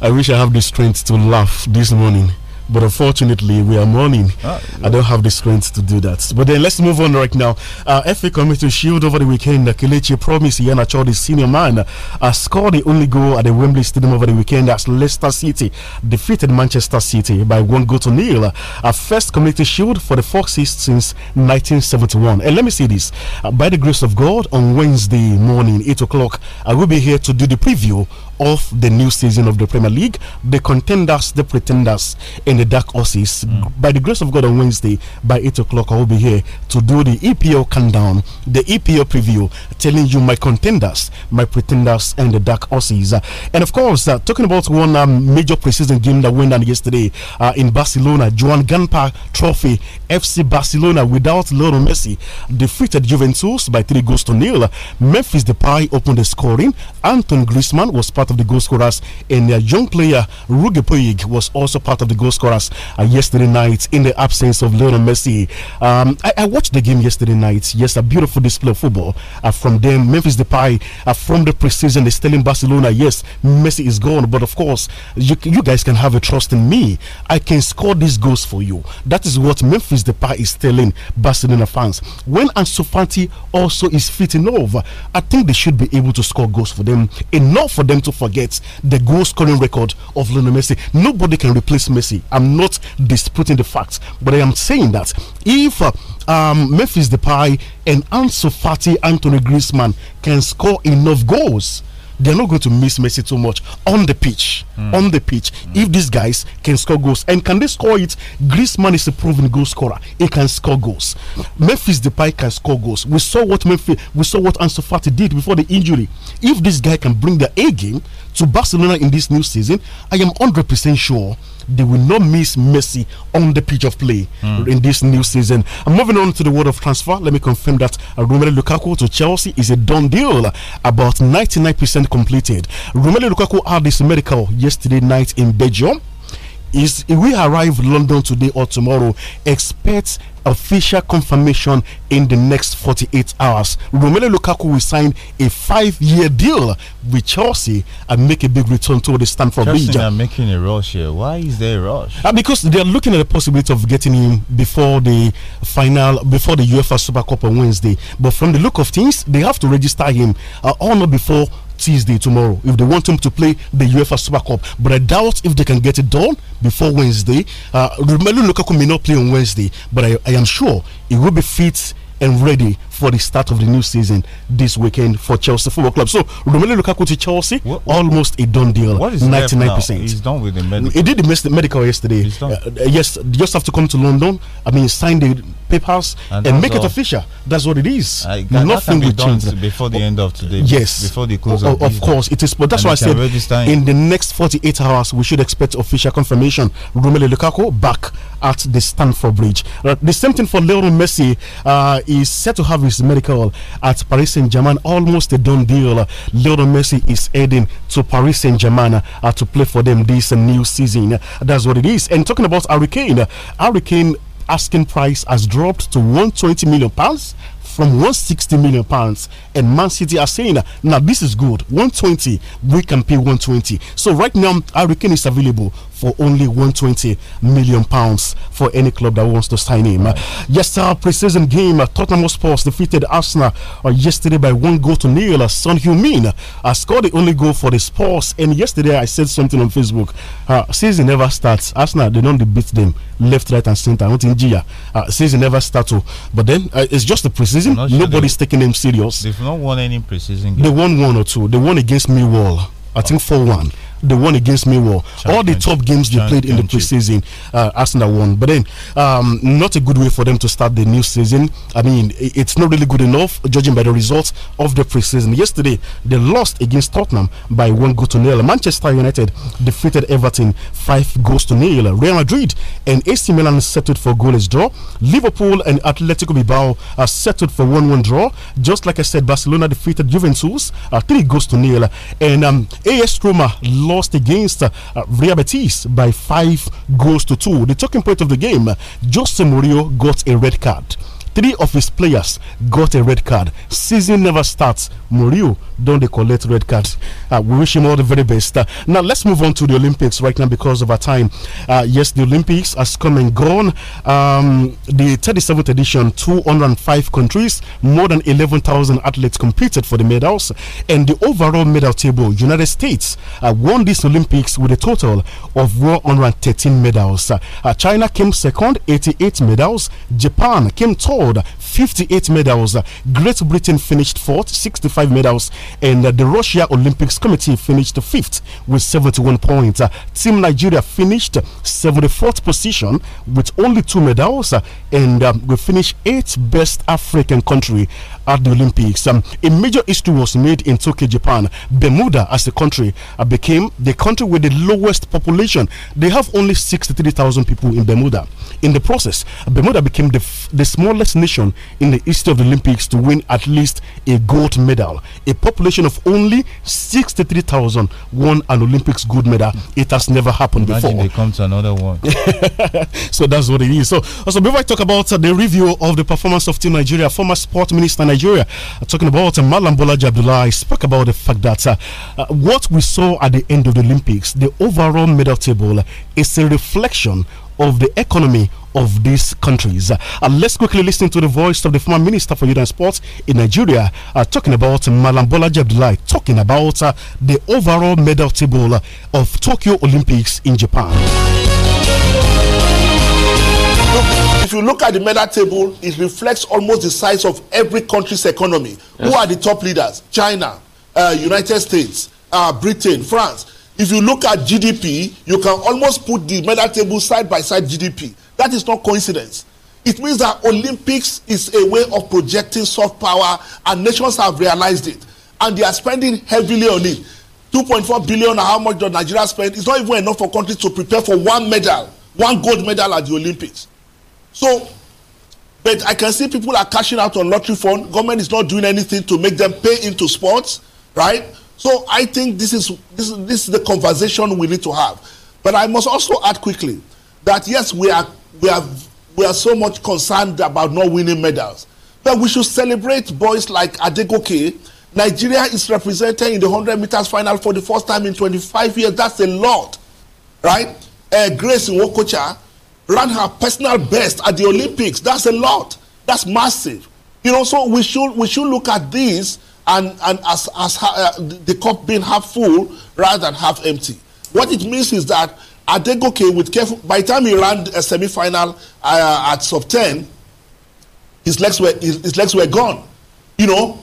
I wish I have the strength to laugh this morning. But unfortunately, we are mourning. Ah, yeah. I don't have the strength to do that. But then let's move on right now. Uh, FA Committee Shield over the weekend. Kelechi promised Yana Cho, the senior man, uh, scored the only goal at the Wembley Stadium over the weekend as Leicester City defeated Manchester City by one goal to nil. Our uh, first Community Shield for the Foxes since 1971. And let me see this uh, by the grace of God, on Wednesday morning, 8 o'clock, I will be here to do the preview of the new season of the Premier League, the contenders, the pretenders, and the dark horses. Mm. By the grace of God, on Wednesday by eight o'clock, I will be here to do the EPL countdown, the EPL preview, telling you my contenders, my pretenders, and the dark horses. Uh, and of course, uh, talking about one um, major preseason game that went on yesterday uh, in Barcelona, Joan Gampa Trophy, FC Barcelona without Lionel Messi defeated Juventus by three goals to nil. Memphis Depay opened the scoring. Anton Griezmann was part of of the goal scorers, and their young player Ruge Puig was also part of the goal scorers uh, yesterday night in the absence of Lionel Messi. Um, I, I, watched the game yesterday night. Yes, a beautiful display of football uh, from them. Memphis Depay uh, from the precision is telling Barcelona, yes, Messi is gone, but of course, you, you guys can have a trust in me. I can score these goals for you. That is what Memphis Depay is telling Barcelona fans. When Ansu Fati also is fitting over, I think they should be able to score goals for them enough for them to forget the goal scoring record of Lionel Messi. Nobody can replace Messi. I'm not disputing the facts, but I am saying that if uh, um, Memphis Depay and Ansu Fati, Anthony Griezmann can score enough goals they're not going to miss Messi too much on the pitch. Mm. On the pitch, mm. if these guys can score goals, and can they score it? Griezmann is a proven goal scorer. He can score goals. Memphis Depay can score goals. We saw what Memphis, we saw what Ansu Fati did before the injury. If this guy can bring the A game, to Barcelona in this new season, I am 100% sure they will not miss Messi on the pitch of play mm. in this new season. I'm moving on to the world of transfer, let me confirm that Romelu Lukaku to Chelsea is a done deal, about 99% completed. Romelu Lukaku had this medical yesterday night in Belgium is if we arrive London today or tomorrow, expect official confirmation in the next 48 hours. Romelu Lukaku will sign a five-year deal with Chelsea and make a big return to the Stanford Chelsea Bridge. are making a rush here. Why is there a rush? Uh, because they are looking at the possibility of getting him before the final, before the UEFA Super Cup on Wednesday. But from the look of things, they have to register him uh, on or before Tuesday tomorrow if they want him to play the UEFA Super Cup. But I doubt if they can get it done before Wednesday. Uh, Romelu Lukaku may not play on Wednesday, but I, I am sure he will be fit and ready for the start of the new season this weekend for Chelsea Football Club. So Romelu Lukaku to Chelsea, what, almost a done deal. What is ninety nine percent? He's done with the medical. He did the medical yesterday. Uh, yes, just have to come to London. I mean, signed the papers and, and make all. it official. That's what it is. that, uh, Nothing that will change before the end of today. Yes, before the close of, of course it is. But that's why I said in, in the next 48 hours we should expect official confirmation. Romelu Lukaku back at the Stanford Bridge. Uh, the same thing for Lionel Messi. Uh, is set to have his medical at Paris Saint Germain. Almost a done deal. Uh, Lionel Messi is heading to Paris Saint Germain uh, to play for them this uh, new season. That's what it is. And talking about Hurricane, Hurricane uh, asking price has dropped to 120 million pounds from 160 million pounds and Man City are saying now this is good 120 we can pay 120 so right now Hurricane is available for only 120 million pounds for any club that wants to sign him. Uh, yesterday, preseason game, uh, Tottenham Hotspur defeated Arsenal uh, yesterday by one goal to nil. Uh, Son Heung-min uh, scored the only goal for the Spurs. And yesterday, I said something on Facebook. Uh, season never starts. Arsenal they don't beat them left, right, and centre. Not in Gia. Uh, season never starts. Oh. But then uh, it's just the preseason. Sure Nobody's taking them serious. They've not won any preseason. Game. They won one or two. They won against Millwall. I think 4 1. The one against Millwall. All the top games they played in the preseason, uh, Arsenal won. But then, um, not a good way for them to start the new season. I mean, it's not really good enough, judging by the results of the preseason. Yesterday, they lost against Tottenham by one goal to nil. Manchester United defeated Everton five goals to nil. Real Madrid and AC Milan settled for goalless draw. Liverpool and Atletico Bilbao are settled for one-one draw. Just like I said, Barcelona defeated Juventus uh, three goals to nil, and um, AS Roma lost lost against uh, Real Betis by five goals to two. The talking point of the game, Jose Mourinho got a red card. Three of his players got a red card. Season never starts. Murillo don't they collect red cards? Uh, we wish him all the very best. Uh, now let's move on to the Olympics right now because of our time. Uh, yes, the Olympics has come and gone. Um, the 37th edition, 205 countries, more than 11,000 athletes competed for the medals, and the overall medal table, United States uh, won this Olympics with a total of 113 medals. Uh, China came second, 88 medals. Japan came third. 58 medals. Great Britain finished fourth, 65 medals, and the Russia Olympics Committee finished fifth with 71 points. Team Nigeria finished 74th position with only two medals, and um, we finished eighth best African country at the Olympics. Um, a major history was made in Tokyo, Japan. Bermuda, as a country, uh, became the country with the lowest population. They have only 63,000 people in Bermuda. In the process, Bermuda became the, the smallest nation in the history of the Olympics to win at least a gold medal. A population of only 63,000 won an Olympics gold medal. It has never happened Imagine before. they come to another one. so that's what it is. So, also before I talk about uh, the review of the performance of Team Nigeria, former sport minister Nigeria, uh, talking about uh, Malam Bolaji Abdullah, spoke about the fact that uh, uh, what we saw at the end of the Olympics, the overall medal table, uh, is a reflection of the economy of these countries. Uh, let's quickly listen to the voice of the former Minister for Youth and Sports in Nigeria uh, talking about Malambola Jebdulai, talking about uh, the overall medal table uh, of Tokyo Olympics in Japan. if you look at the medal table, it reflects almost the size of every country's economy. Yes. Who are the top leaders? China, uh, United States, uh, Britain, France if you look at GDP, you can almost put the medal table side by side GDP. That is not coincidence. It means that Olympics is a way of projecting soft power, and nations have realized it. And they are spending heavily on it. 2.4 billion, how much does Nigeria spend? It's not even enough for countries to prepare for one medal, one gold medal at the Olympics. So, but I can see people are cashing out on lottery fund. Government is not doing anything to make them pay into sports, right? So I think this is, this, this is the conversation we need to have. But I must also add quickly that yes, we are, we are, we are so much concerned about not winning medals. But we should celebrate boys like Adegoke. Nigeria is represented in the 100 meters final for the first time in 25 years. That's a lot, right? Uh, Grace Wokocha ran her personal best at the Olympics. That's a lot. That's massive. You know, so we should, we should look at these and, and as, as uh, the cup being half full rather than half empty. What it means is that Adegoke, with careful, by the time he ran a semi final uh, at sub 10, his legs were, his, his, legs were gone. You know?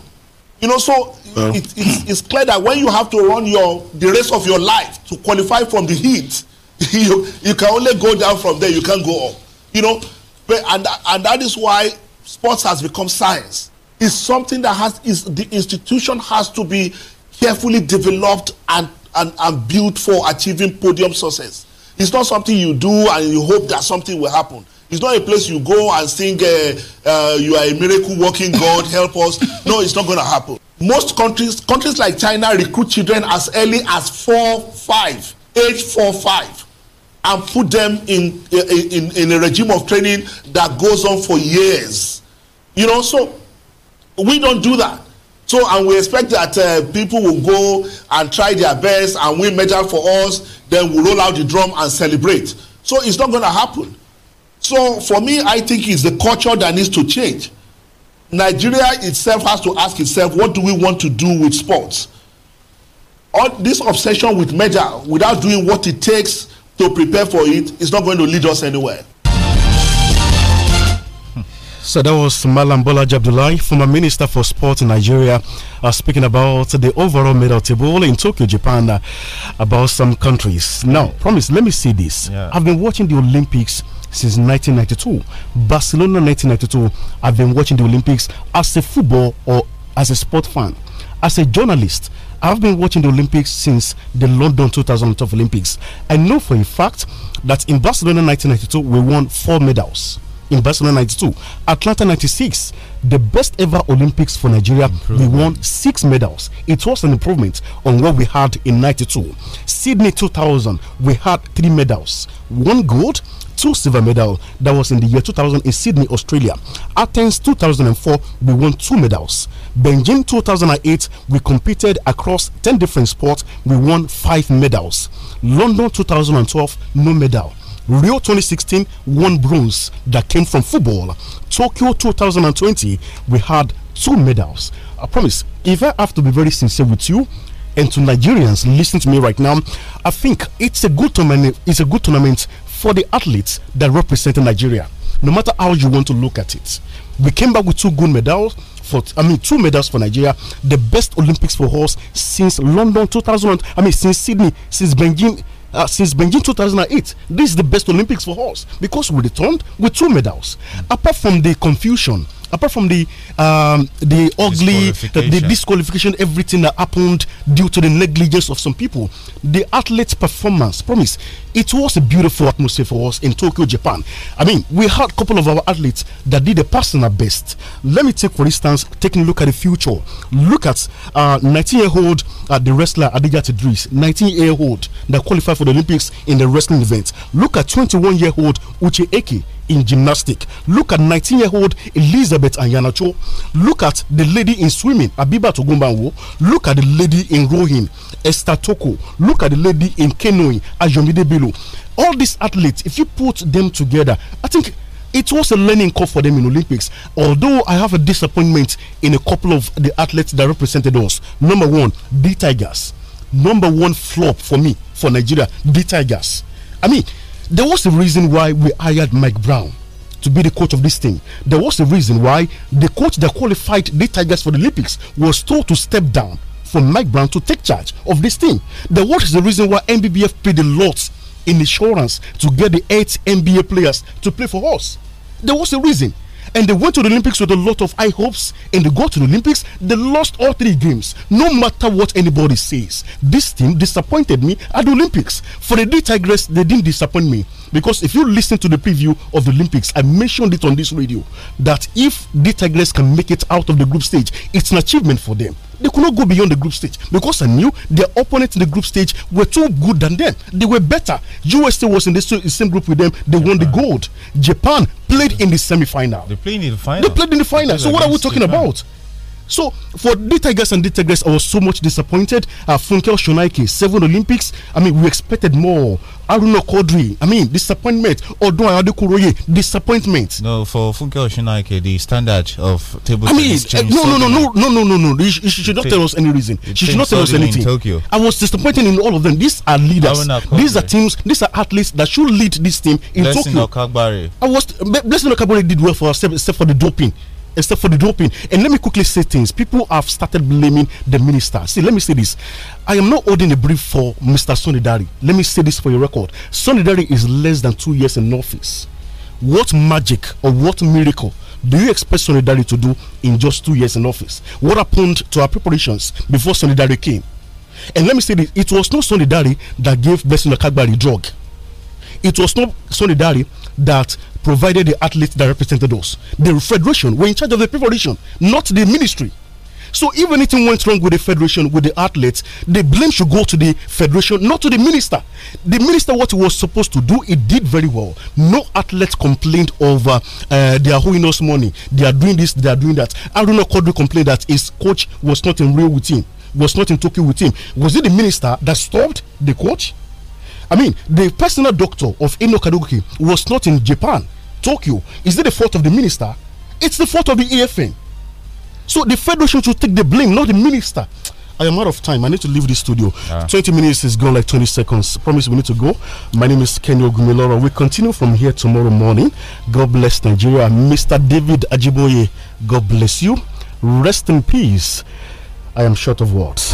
You know, so well. it, it's, it's clear that when you have to run your, the rest of your life to qualify from the heat, you, you can only go down from there, you can't go up. You know? But, and, and that is why sports has become science is something that has is the institution has to be carefully developed and, and, and built for achieving podium success. It's not something you do and you hope that something will happen. It's not a place you go and sing, uh, uh, "You are a miracle working God, help us." No, it's not going to happen. Most countries, countries like China, recruit children as early as four, five, age four, five, and put them in in, in a regime of training that goes on for years. You know, so we don't do that. So, and we expect that uh, people will go and try their best and win medal for us, then we'll roll out the drum and celebrate. So, it's not going to happen. So, for me, I think it's the culture that needs to change. Nigeria itself has to ask itself, what do we want to do with sports? All this obsession with medal without doing what it takes to prepare for it is not going to lead us anywhere. So that was Malambola Jabdulai, former Minister for Sport in Nigeria, uh, speaking about the overall medal table in Tokyo, Japan, uh, about some countries. Now, promise, let me see this. Yeah. I've been watching the Olympics since 1992. Barcelona 1992. I've been watching the Olympics as a football or as a sport fan. As a journalist, I've been watching the Olympics since the London 2012 Olympics. I know for a fact that in Barcelona 1992, we won four medals in Barcelona 92, Atlanta 96, the best ever Olympics for Nigeria. We won six medals. It was an improvement on what we had in 92. Sydney 2000, we had three medals one gold two silver medal that was in the year 2000 in Sydney, Australia. Athens 2004, we won two medals. Beijing 2008, we competed across 10 different sports, we won five medals. London 2012, no medal. Rio 2016 won bronze that came from football. Tokyo 2020, we had two medals. I promise, if I have to be very sincere with you, and to Nigerians listening to me right now, I think it's a good tournament. It's a good tournament for the athletes that represent Nigeria. No matter how you want to look at it, we came back with two good medals. For I mean, two medals for Nigeria, the best Olympics for us since London 2000. I mean, since Sydney, since Beijing uh, since Beijing 2008. This is the best Olympics for us because we returned with two medals. Apart from the confusion apart from the um, the ugly, disqualification. the disqualification, everything that happened due to the negligence of some people, the athlete's performance, promise, it was a beautiful atmosphere for us in Tokyo, Japan. I mean, we had a couple of our athletes that did a personal best. Let me take, for instance, taking a look at the future. Look at 19-year-old uh, uh, the wrestler Adija Tedris, 19-year-old that qualified for the Olympics in the wrestling event. Look at 21-year-old Uche Eki in gymnastics. Look at 19 year old Elizabeth Anyanacho. Look at the lady in swimming, Abiba Togumbanwo. Look at the lady in rowing, Esther Toko. Look at the lady in canoeing, Ajomide below. All these athletes, if you put them together, I think it was a learning curve for them in Olympics. Although I have a disappointment in a couple of the athletes that represented us. Number one, the Tigers. Number one flop for me for Nigeria, the Tigers. I mean, there was a reason why we hired Mike Brown to be the coach of this team. There was a reason why the coach that qualified the Tigers for the Olympics was told to step down for Mike Brown to take charge of this team. There was the reason why NBBF paid a lot in insurance to get the eight NBA players to play for us. There was a reason and they went to the Olympics with a lot of high hopes and they got to the Olympics. They lost all three games, no matter what anybody says. This team disappointed me at the Olympics. For the D Tigress, they didn't disappoint me. Because if you listen to the preview of the Olympics, I mentioned it on this radio that if the Tigers can make it out of the group stage, it's an achievement for them. They could not go beyond the group stage because I knew their opponents in the group stage were too good than them. They were better. USA was in the same group with them. They Japan. won the gold. Japan played in the semi-final. They played in the final. They played in the final. So what are we talking Japan. about? So for the Tigers and the Tigers, I was so much disappointed. Uh, Funkel Shonaike, seven Olympics. I mean, we expected more. Aruna Kodri, I mean, disappointment. Odun Ayadekuroye, disappointment. No, for Funkel Shonaike, the standard of table I mean, uh, no, no, no, no, no, no, no, no, no. She, she should not tell us any reason. she should not tell us anything. Tokyo. I was disappointed in all of them. These are leaders. These are teams. These are athletes that should lead this team in Blessing Tokyo. Okagbare. I was Blessing Okagbare did well for herself except for the doping except for the doping. And let me quickly say things. People have started blaming the minister. See, let me say this. I am not holding a brief for Mr. Sonidari. Let me say this for your record. Sonidari is less than two years in office. What magic or what miracle do you expect Sonidari to do in just two years in office? What happened to our preparations before Sonidari came? And let me say this it was not Sonidari that gave Blessing drug. It was not Sonidari that provided the athletes that represented us. The federation were in charge of the preparation, not the ministry. So if anything went wrong with the federation, with the athletes, the blame should go to the federation, not to the minister. The minister, what he was supposed to do, it did very well. No athlete complained over uh, they are holding us money, they are doing this, they are doing that. I do not Aruna Kodri complained that his coach was not in real with him, was not in Tokyo with him. Was it the minister that stopped the coach? I mean, the personal doctor of Eno Kaduki was not in Japan, Tokyo. Is it the fault of the minister? It's the fault of the EFN. So the federation should take the blame, not the minister. I am out of time. I need to leave the studio. Ah. 20 minutes is gone like 20 seconds. Promise we need to go. My name is Kenny We continue from here tomorrow morning. God bless Nigeria. Mr. David Ajiboye, God bless you. Rest in peace. I am short of words.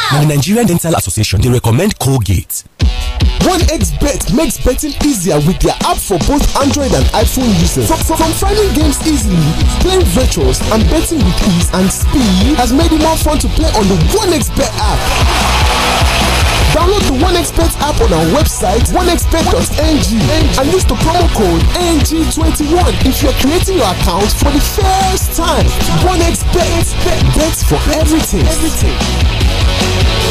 Now, the Nigerian Dental Association, they recommend Colgate. 1xBet makes betting easier with their app for both Android and iPhone users. From, from, from, finding games easily, playing virtuals, and betting with ease and speed has made it more fun to play on the 1xBet app. Download the Bet app on our website, onexpert.ng, and use the promo code NG21 if you're creating your account for the first time. Bet bets for everything. everything.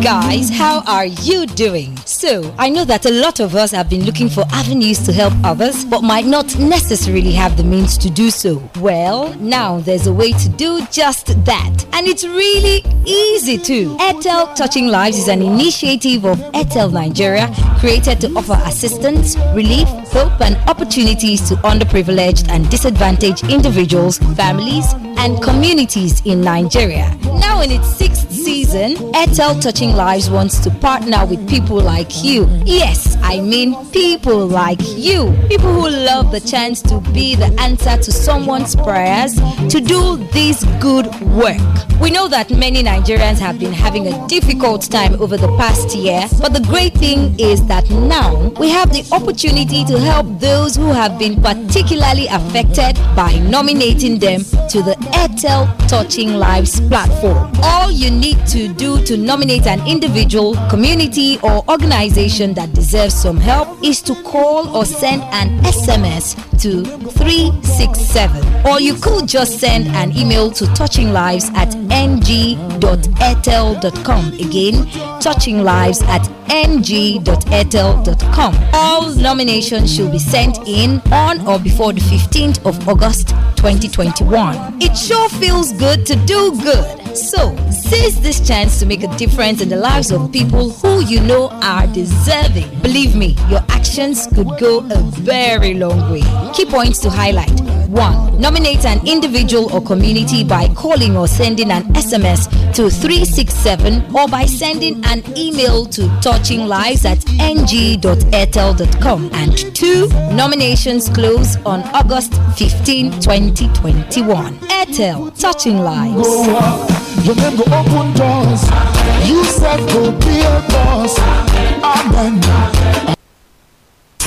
guys, how are you doing? So, I know that a lot of us have been looking for avenues to help others, but might not necessarily have the means to do so. Well, now there's a way to do just that, and it's really easy too. Etel Touching Lives is an initiative of Etel Nigeria created to offer assistance, relief, hope, and opportunities to underprivileged and disadvantaged individuals, families, and communities in Nigeria. Now, in its sixth season, Etel Touching Lives wants to partner with people like you. Yes, I mean people like you. People who love the chance to be the answer to someone's prayers to do this good work. We know that many Nigerians have been having a difficult time over the past year, but the great thing is that now we have the opportunity to help those who have been particularly affected by nominating them to the Airtel Touching Lives platform. All you need to do to nominate an an individual, community, or organization that deserves some help is to call or send an SMS two three six seven, or you could just send an email to touchinglives at ng.etel.com. Again, touchinglives at ng.etel.com. All nominations should be sent in on or before the 15th of August 2021. It sure feels good to do good. So, seize this chance to make a difference in the lives of people who you know are deserving. Believe me, your actions could go a very long way. Key points to highlight. 1. Nominate an individual or community by calling or sending an SMS to 367 or by sending an email to touchinglives at ng.etel.com. And 2. Nominations close on August 15, 2021. Airtel Touching Lives. your name go open doors. You said go be a boss. Amen.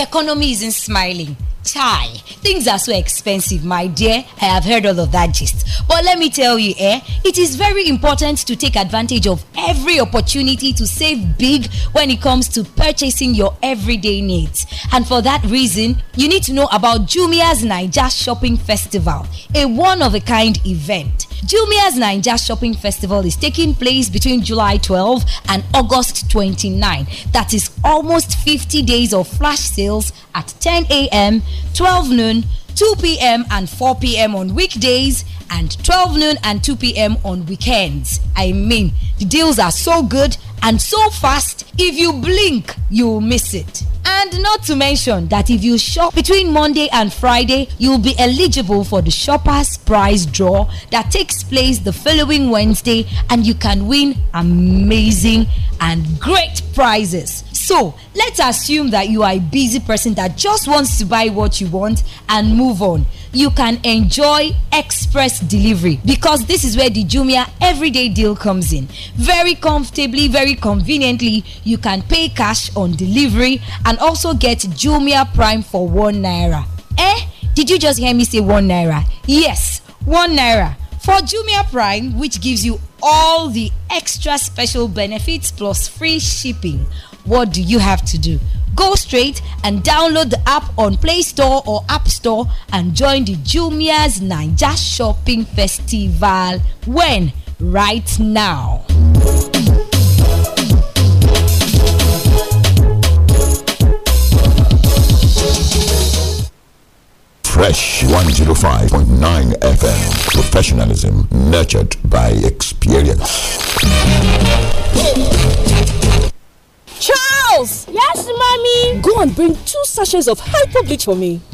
The economy isn't smiling. Chai, things are so expensive, my dear. I have heard all of that gist. But let me tell you, eh, it is very important to take advantage of every opportunity to save big when it comes to purchasing your everyday needs. And for that reason, you need to know about Jumia's Niger Shopping Festival, a one of a kind event. Jumia's Ninja Shopping Festival is taking place between July 12 and August 29. That is almost 50 days of flash sales at 10 a.m., 12 noon, 2 p.m. and 4 p.m. on weekdays and 12 noon and 2 p.m. on weekends. I mean, the deals are so good and so fast if you blink you'll miss it and not to mention that if you shop between monday and friday you'll be eligible for the shoppers prize draw that takes place the following wednesday and you can win amazing and great prizes so let's assume that you are a busy person that just wants to buy what you want and move on you can enjoy express delivery because this is where the Jumia everyday deal comes in. Very comfortably, very conveniently, you can pay cash on delivery and also get Jumia Prime for one naira. Eh? Did you just hear me say one naira? Yes, one naira. For Jumia Prime, which gives you all the extra special benefits plus free shipping what do you have to do? Go straight and download the app on Play Store or App Store and join the Jumia's Ninja Shopping Festival. When? Right now. Fresh 105.9 FM. Professionalism nurtured by experience. Charles! Yes, mommy! Go and bring two sachets of hyper bleach for me.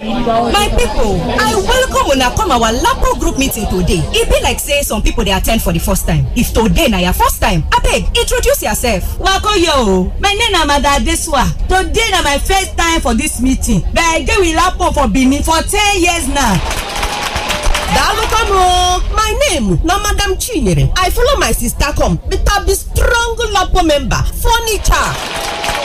my people, i welcome I come our lapo group meeting today It be like say some people they attend for the first time if today na your first time beg, introduce yourself. Wako yo, my name is mother adesuwa today na my first time for this meeting but i dey with lapo for benin for ten years now daalụkwanụ my name na madam chinyere i follow my sister come beta be strong lapo member fonicha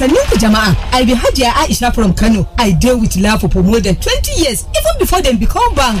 sannin ku jama'a i be aisha from kano i deal with lapo for more than twenty years even before they become bank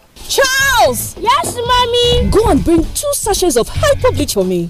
Charles! Yes, mommy! Go and bring two sachets of hyper bleach for me.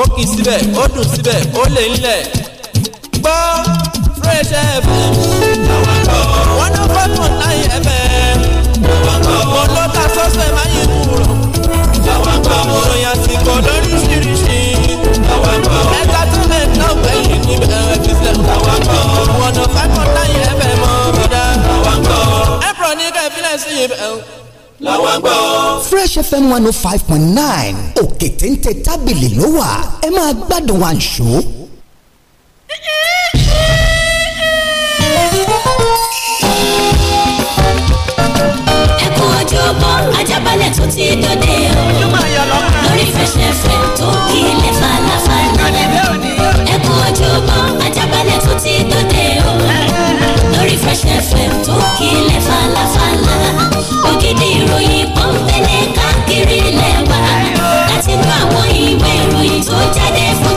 ó kì í síbẹ̀ ó dùn síbẹ̀ ó lè ń lẹ̀ gbọ́ fresh fm wọ́n ló fẹ́ mọ̀ láyé fm mo ló ta sọ́sẹ̀ máa yí mú rọ̀ mo ròyìn àsìkò lóríṣiríṣi ẹ̀ka tún lè náà gbẹ̀yìn ní bẹ̀rẹ̀ fífẹ́ wọ́n ló fẹ́ mọ̀ láyé fm mọ́ bọ́dá ẹ̀pọ̀ ní kẹ́fílẹ̀ sí i bẹ̀rẹ̀ làwọn gbọ́. fresh fm one oh five point nine òkè téńté tábìlì ló wà ẹ máa gbádùn àǹṣó. ẹkún ojúbọ ajábalẹ̀ tó ti dòde o lórí fresh fm tó kílẹ̀ falafala ẹkún ojúbọ ajábalẹ̀ tó ti dòde o lórí fresh fm tó kílẹ̀ falafala pọ́ńpẹ́lẹ́ káàkiri lẹ́wà láti gbọ́ àwọn ìwé ìròyìn tó jáde fún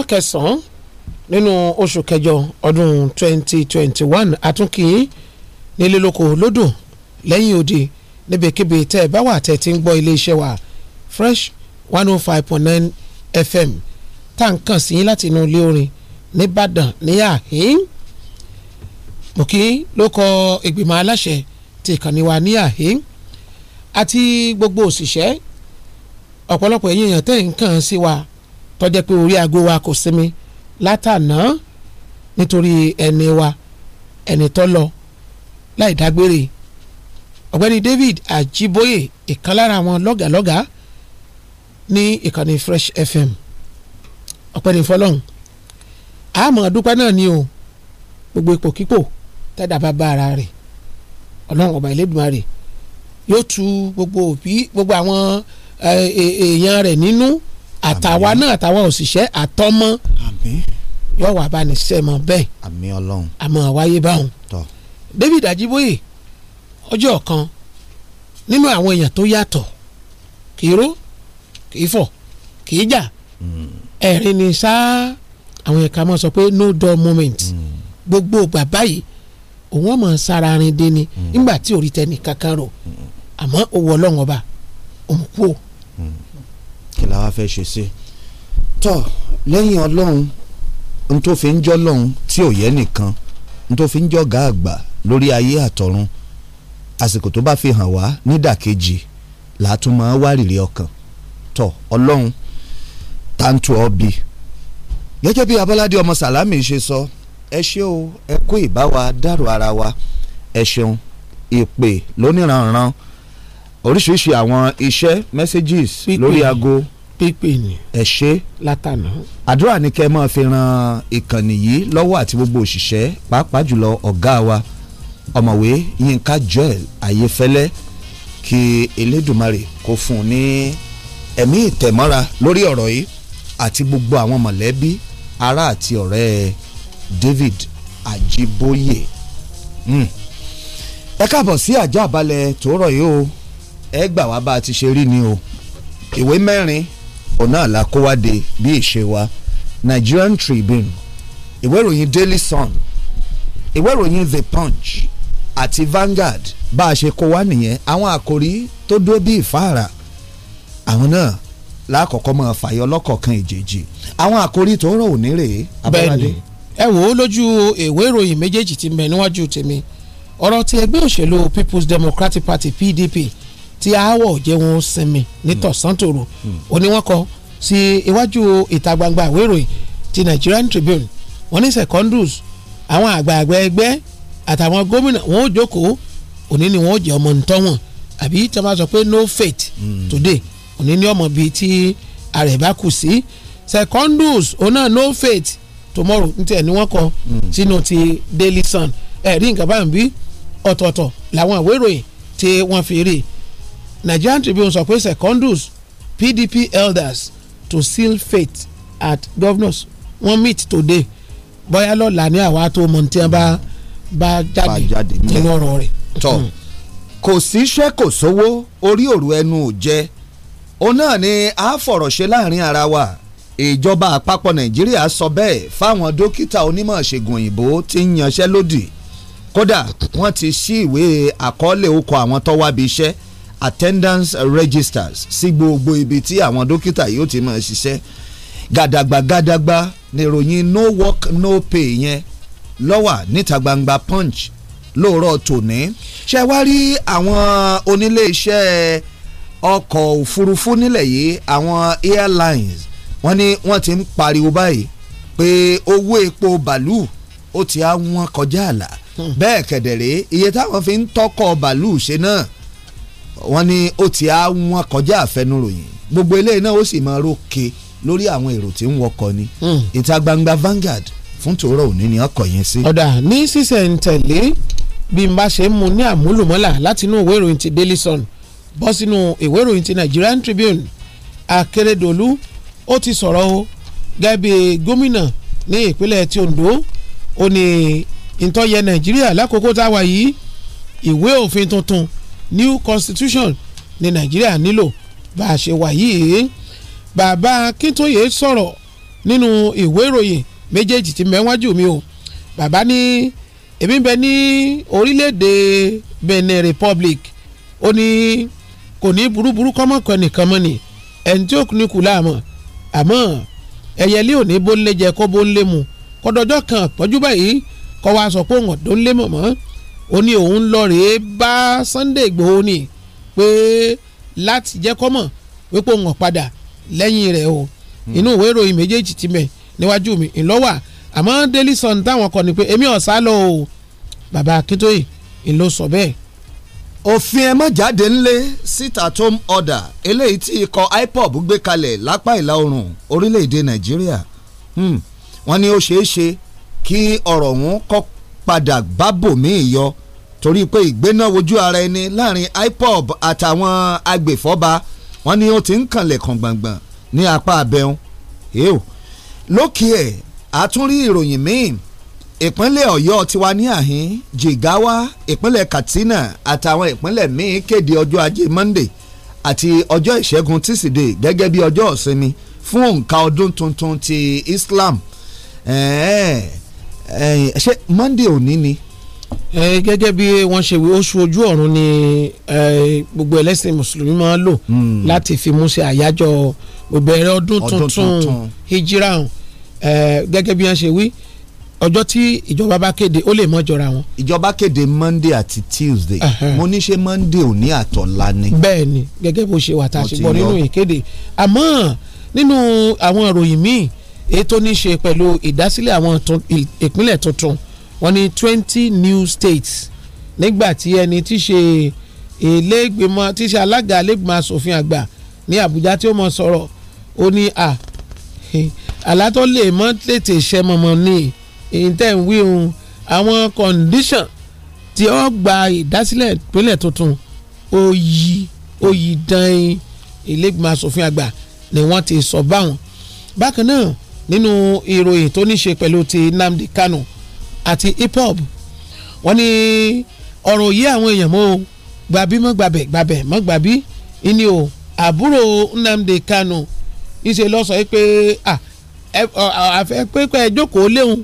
ọjọ́ kẹsàn-án nínú oṣù kẹjọ ọdún 2021 àtúnkìyín nílé lóko lódò lẹ́yìn odi níbikíbi tẹ́ ẹ bá wà tẹ́ ti ń gbọ́ iléeṣẹ́ wa fresh 105.9 fm tá à ń kàn sí yín láti inú ilé orin nìbàdàn ní àhín mùkí ló kọ ìgbìmọ̀ aláṣẹ ti ìkànnì wa ní àhín àti gbogbo òṣìṣẹ́ ọ̀pọ̀lọpọ̀ ẹ̀yìn èèyàn tẹ́ ń kàn sí wa tọ́jẹ́ pé orí aago wa kò sinmi látàná nítorí ẹni wa ẹni tó lọ láì dágbére ọ̀gbẹ́ni David Ajiboye ìkan lára àwọn lọ́gàlọ́gà ní ìkànnì Fresh FM ọ̀pẹ́ni fọlọ́hún àmọ́ dúpẹ́ náà ni o gbogbo ipòkípò tẹ́dà bá bá ara rẹ̀ ọlọ́run ọba Elédùmarè yóò tu gbogbo òbí gbogbo àwọn èèyàn rẹ̀ nínú àtàwa náà àtàwa òṣìṣẹ́ àtọmọ yóò wá bá ní sẹ́mọ bẹ́ẹ̀ àmín ọlọ́run àmọ́ àwáyé báwọn. David Ajiboye ọjọ́ kan nínú àwọn èèyàn tó yàtọ̀ kì í ró kì í fọ̀ kì jà hmm. ẹ̀rín ni sáà àwọn ẹ̀ka máa sọ pé no dull moment hmm. gbogbo ìgbà báyìí òun ọmọ sára dé ni hmm. nígbà tí orí tẹ nìkan kan rò àmọ́ owó ọlọ́run ọba òun kú o kí la wá fẹ́ ṣe sí tọ́ lẹ́yìn ọlọ́run n tó fi ń jọ́ lọ́run tí ò yẹ nìkan n tó fi ń jọ́ gá àgbà lórí ayé àtọ̀run àsìkò tó bá fi hàn wá nídàkejì làátún máa wá rìrì ọkàn tọ́ ọlọ́run tàǹtù ọ̀bì gẹ́gẹ́ bí abọ́ládé ọmọ sàlámì ṣe sọ ẹ ṣé o ẹ kú ìbáwa dárò ara wa ẹ ṣeun ìpè lóníranran. E oríṣiríṣi àwọn iṣẹ́ messages lórí aago pípé ni ẹ ṣe látànà. àdúrà ni kẹ́ ẹ máa fi ran ìkànnì yìí lọ́wọ́ àti gbogbo òṣìṣẹ́ pàápàá jùlọ ọ̀gá wa ọ̀mọ̀wé Yínká Joel Ayéfẹ́lẹ́ kí Elédùmarè kó fún un ní ẹ̀mí ìtẹ̀mọ́ra lórí ọ̀rọ̀ yìí àti gbogbo àwọn mọ̀lẹ́bí ará àti ọ̀rẹ́ David Ajiboye. Hmm. ẹ káàbọ̀ sí àjàbalẹ̀ tòórọ̀ yìí o ẹ gbà wá bá a ti ṣe rí ni o ìwé mẹ́rin ọ̀nà àlàkówádé bí ìṣe wa Nigerian Tribune ìwé ìròyìn Daily Sun ìwé ìròyìn The Punch àti Vanguard bá a ṣe kó wá nìyẹn àwọn àkòrí tó dúró bí ìfáàrà àwọn náà lákọ̀ọ́kọ́ máa fàyọ lọ́kọ̀ọ̀kan ìjèjì àwọn àkòrí tó ń rò ní rèé abẹ́rẹ́dé. ẹ wò ó lójú ìwé ìròyìn méjèèjì tí ń níwájú tèmi ọ̀rọ̀ ti ẹgbẹ́ òṣèlú People's Democratic Party PDP tí aáwọ̀ jẹ́ wọn sinmi nítòsántòrò hmm. hmm. òní wọn kọ sí iwájú ìta gbangba ìwé ti Nigerian Tribune wọn ní secondus àwọn àgbààgbà ẹgbẹ́ àtàwọn gómìnà wọn ò jókòó òní ni wọn ò jẹ ọmọ ntọ́ wọn àbí tí wọn sọ pé no faith hmm. today òní ni ọmọ bíi tí ààrẹ bá kù sí secondus òun no faith tomorrow ní tiẹ̀ ni wọ́n kọ sínú ti Daily Sun ẹ̀rí nǹkan bá ń bí ọ̀tọ̀ọ̀tọ̀ làwọn àwérò yìí tí wọ́n fi rí i Nigerian Tribune sọ pé secondus PDP elders to seal faith at governors wọ́n meet today bóyá lọ́la ní àwa tó mọ̀ tí wọ́n bá bá jáde nínú ọ̀rọ̀ rẹ̀. tọ́ hmm. kò síṣẹ́ kò sówó orí òru ẹnu ò jẹ́ òun náà ni a fọ̀rọ̀ ṣe láàrin ara wa ìjọba àpapọ̀ nàìjíríà sọ bẹ́ẹ̀ fáwọn dókítà onímọ̀ ṣègùn òyìnbó ti ń yanṣẹ́ lódì kódà wọ́n ti ṣí ìwé àkọọ́lẹ̀ okọ̀ àwọn tó iṣẹ́ attendance registers sí gbogbo ibi tí àwọn dókítà yóò ti máa ṣiṣẹ́ gàdàgbà gàdàgbà níròyìn no work no pay yẹn lọ́wà níta gbangba punch lóòrọ̀ tòní ṣe wá rí àwọn onílé iṣẹ́ ọkọ̀ òfurufú nílẹ̀ yìí àwọn airlines wọ́n ní wọ́n ti ń pariwo báyìí pé owó epo bàálù ó ti á wọ́n kọjá àlà hmm. bẹ́ẹ̀ kẹ̀dẹ̀rẹ́ iye táwọn fi ń tọ́kọ̀ bàálù ṣe náà wọ́n ní ó ti á wọ́n kọjá àfẹnuròyìn gbogbo eléyìí náà ó sì máa rókè lórí àwọn èrò tí ń wọkọ̀ ni hmm. ìta gbangba Vanguard fún tòórọ́ òní ni ọkọ̀ yẹn sí. ọ̀dà ní sísẹ̀ǹtẹ̀lé bí n bá ṣe ń mu ní àmúlùmọ́là látinú ìwé ìròyìn ti Daily Sun bọ́ sínú ìwé ìròyìn ti Nigerian Tribune Akérédolú ó ti sọ̀rọ̀ o gẹ́gẹ́ bí gómìnà ní ìpínlẹ̀ ti Ondo ó ní ìtọ́yẹ Nàìjíríà lákòókò táwa yìí ìwé òfin tuntun new constitution ní nàìjíríà nílò bá a ṣe wà yìí bàbá akíntóye sọ̀rọ̀ nínú ìwé ìròyìn méjèèjì tí mẹ́wájú mi o bàbá ní èmi ń bẹ ní orílẹ̀-èdè Benin Republic ó ní kò ní burúburú kọ́mọ̀kọ́ nìkan mọ́ ni ẹni tí ó ní kù láàmọ̀ àmọ́ ẹ̀yẹlé ò ní bó ń lé jẹ kó bó ń lé mu kọ́dọ̀jọ́ kan pọ́jú báyìí kọ́ wa sọ pé òun ọ̀dọ́ ń lé mọ̀ mọ́ ó ní òun lọ bá Sunday Ìgbòho ni pé láti jẹ́ kọ́ mọ̀ wípé òun ọ̀padà lẹ́yìn rẹ̀ o hmm. inú ìwé ìròyìn méjèèjì ti mẹ̀ níwájú mi ńlọ́wà àmọ́ Daily Sun táwọn kọ ni pé èmi ọ̀sá lọ o bàbá Akíntóyè ńlọ sọ bẹ́ẹ̀ òfin ẹ má jáde ńlé sit at home order eléyìí tí ikọ̀ IPOB gbé kalẹ̀ lápá ìlà oòrùn orílẹ̀-èdè Nàìjíríà hmm. wọ́n ní ó ṣeé ṣe kí ọ̀rọ̀ ọ̀hún kọ́ padà bá bòmíì yọ torí pé ìgbéná wojú ara ẹni láàrin IPOB àtàwọn agbèfọ́ba wọ́n ní ó ti ń kànlẹ̀ kàn gbàngbàn ní apá abẹ́hùn èèw lókè ẹ̀ àtúnrí ìròyìn míì ìpínlẹ̀ ọ̀yọ́ tiwa ní àhín jigawa ìpínlẹ̀ katsina àtàwọn ìpínlẹ̀ míì kéde ọjọ́ ajé monday àti ọjọ́ ìṣẹ́gun tísídẹ̀ẹ́ gẹ́gẹ́ bí ọjọ́ ìsinmi fún òǹkà ọdún tuntun ti islam eh ṣé Monday òní ni. gẹ́gẹ́ bí wọ́n ṣe wí oṣù ojú ọ̀run ni gbogbo ẹlẹ́sìn mùsùlùmí máa ń lò hmm. láti fi mú ṣe àyájọ́ ìbẹ̀rẹ̀ ọdún tuntun hijira hàn gẹ́gẹ́ bí wọ́n ṣe wí ọjọ́ tí ìjọba bá kéde ó lè mọ́ wọn. ìjọba kéde monday àti tuesday mo ní ṣe monday ò ní ni. bẹ́ẹ̀ ni gẹ́gẹ́ bó ṣe wà tá a ṣe gbọ́ nínú ìkéde àmọ́ nínú àwọn ìròyìn míì èyí tó ní í ṣe pẹ̀lú ìdásílẹ̀ àwọn ìpínlẹ̀ tuntun wọ́n ní twenty new states nígbà tí ẹni tí ṣe ilégbèmọ tí ṣe alága ilégbèmọ asòfin àgbà ní Àbújá tí ó mọ sọ̀rọ̀ ó ní à àlá tó lè mọ́ tètè ṣẹ mọ̀mọ́ ní ìtẹ̀ ń wí hun àwọn condition tí ó gba ìdásílẹ̀ ìpínlẹ̀ tuntun ó yí ó yí dán ilégbèmọ asòfin àgbà ni wọ́n ti sọ báwọn bákan náà nínú ìròyìn tó ní ṣe pẹ̀lú ti Nnamdi Kanu àti IPOB wọ́n ní ọ̀rọ̀ yìí àwọn èèyàn mọ́ gbàbí mọ́ gbàbẹ̀ gbàbẹ̀ mọ́ gbàbí ìní o àbúrò Nnamdi Kanu ìṣe lọ́sọ̀ yìí pé àfẹ́ pípẹ́ jókòó léhùn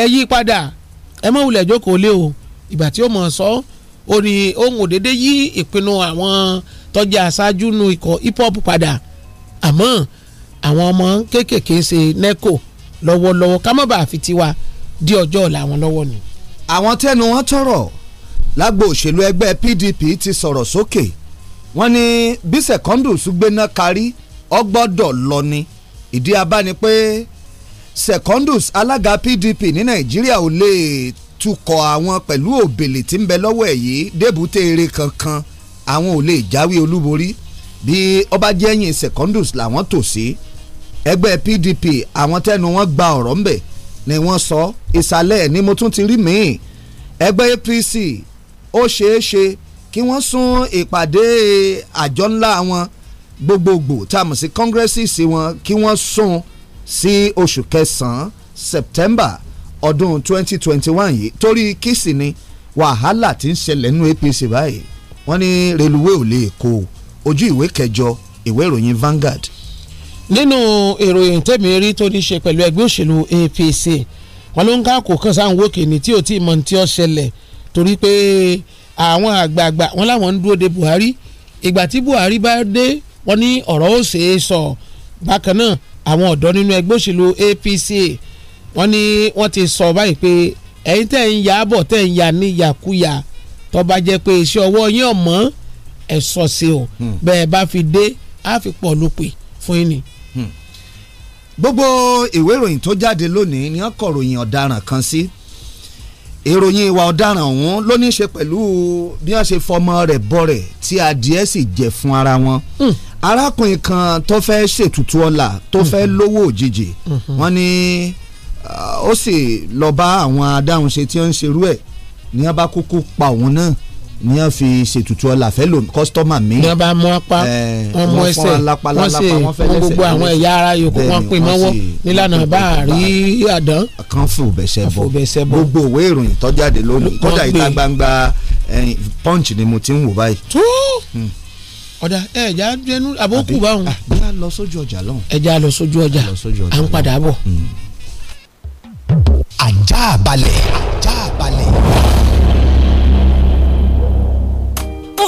ẹ yí padà ẹ mọ̀ wulẹ̀ jókòó lé o ìgbà tí ó mọ̀ sọ ó ní ohun òdédé yí ìpinnu àwọn tọ́jà aṣáájú nu ikọ̀ hip hop padà àmọ́ àwọn ọmọ kéékèèké ń ṣe neco lọ́wọ́lọ́wọ́ ká má bàa fi tiwa di ọjọ́ ọ̀la wọn lọ́wọ́ ni. àwọn tẹnu wọn tọrọ lágbo òṣèlú ẹgbẹ́ PDP ti sọ̀rọ̀ sókè wọ́n ní bí Secondus gbéná kárí ọgbọ́dọ̀ lọ ni ìdí abá ni pé Secondus alága PDP ní Nàìjíríà ò lè tukọ̀ àwọn pẹ̀lú òbèlè tí ń bẹ lọ́wọ́ ẹ̀ yìí débùté eré kankan àwọn ò lè jáwé olúborí bí ọba jẹ́yìn secondus làwọn tò sí ẹgbẹ́ PDP àwọn tẹnu wọn gba ọ̀rọ̀ ńbẹ̀ ni wọ́n sọ ìsàlẹ̀ ni mo tún ti rí míì ẹgbẹ́ APC ó ṣeé ṣe kí wọ́n sún ìpàdé àjọ ńlá wọn gbogbogbò tá a mọ̀ sí kọ́ngírẹ́sìsì wọn kí wọ́n sún sí oṣù kẹsàn-án September ọdún 2021 yìí torí kìsì ni wàhálà ti ń ṣẹlẹ̀ nínú APC báyìí wọ́n ní rélùwé ò lè kó o ojú ìwé kẹjọ ìwé ìròyìn Vanguard. nínú ìròyìn tẹ̀mí rí tó ní ṣe pẹ̀lú ẹgbẹ́ òṣèlú APC wọn ló ń ká kó kàn sáà ń wókè ní tí ò tí ì mọ̀ ní tí ṣẹlẹ̀ torí pé àwọn àgbààgbà wọn làwọn ń dúró de Buhari ìgbà tí Buhari bá dé wọn ní ọ̀rọ̀ ó ṣeé sọ bákan náà àwọn ọ̀dọ́ nínú ẹgbẹ́ òṣèlú APC wọ́n ní wọ́n ti sọ báyìí pé ẹ̀yin tẹ̀ ń yà á bọ̀ tẹ̀ ń yà ní yàkúyà tó bá jẹ́ pé iṣẹ́ ọwọ́ yín ọ̀mọ́ ẹ sọ sí o hmm. bẹ́ẹ̀ bá fi dé a fi pọ̀ lópè fún yín ni. Hmm. gbogbo ìwé ìròyìn tó jáde lónìí ni wọ́n kọ̀ròyìn ọ̀daràn kan sí ìròyìn ìwà ọ̀daràn ọ̀hún ló ní í ṣe pẹ̀lú bí wọ́n ṣe fọmọ rẹ̀ bọ̀rẹ̀ tí adìẹ sì jẹ fún ara wọn hmm. arákùnrin kan tó fẹ́ ṣètùtù ọlà tó fẹ́ lówó òjijì wọ́n ní ó sì lọ bá àwọn adáhunṣe tí wọ́n ń ṣerú ẹ̀ ní wọ́n bá kúkú pa òun náà ni wọ́n fi ṣètùtù ọlà fẹ́ lò kọ́sítọ́mà mi. ní wọ́n bá mú apá eh, wọ́n mú ẹsẹ̀ wọ́n sì kó gbogbo àwọn ẹ̀yà ara yòókù wọ́n pè mọ́wọ́ nílànà bá a rí àdán. kan fò bẹ̀sẹ̀ bọ̀ gbogbo òwe ìròyìn tó lónìí kódà ìta gbangba eh, punch ni mo ti ń wò báyìí. tó hmm. ọ̀dà ẹ̀já jẹnu àbókù báwọn. ẹ̀já ah, lọ sójú ọjà lọ́hùn. ẹ̀já lọ sójú ọjà à ń padà bọ̀. Hmm. ajá balẹ̀ ajá balẹ̀.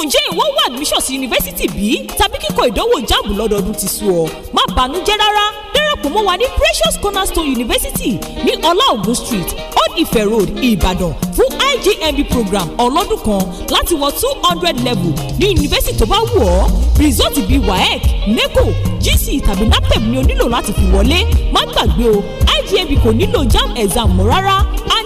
ǹjẹ́ ìwọ wà admissions yunifásitì bí? tàbí kíkọ ìdánwò jáàmù lọ́dọọdún ti sú ọ? má bànújẹ́ rárá darapọ̀ mọ́ wa ní Precious Cornerstone University ní ọlá ògùn street old ife road Ìbàdàn fún IJMB program ọlọ́dún kan láti wọ two hundred level ní yunifásitì tó bá wù ọ́ rìsọ́ọ̀tì bíi WAEC NECO GC tàbí NAPTEP ni o nílò láti fi wọlé má gbàgbé o IJMB kò nílò JAMB exam mọ́ rárá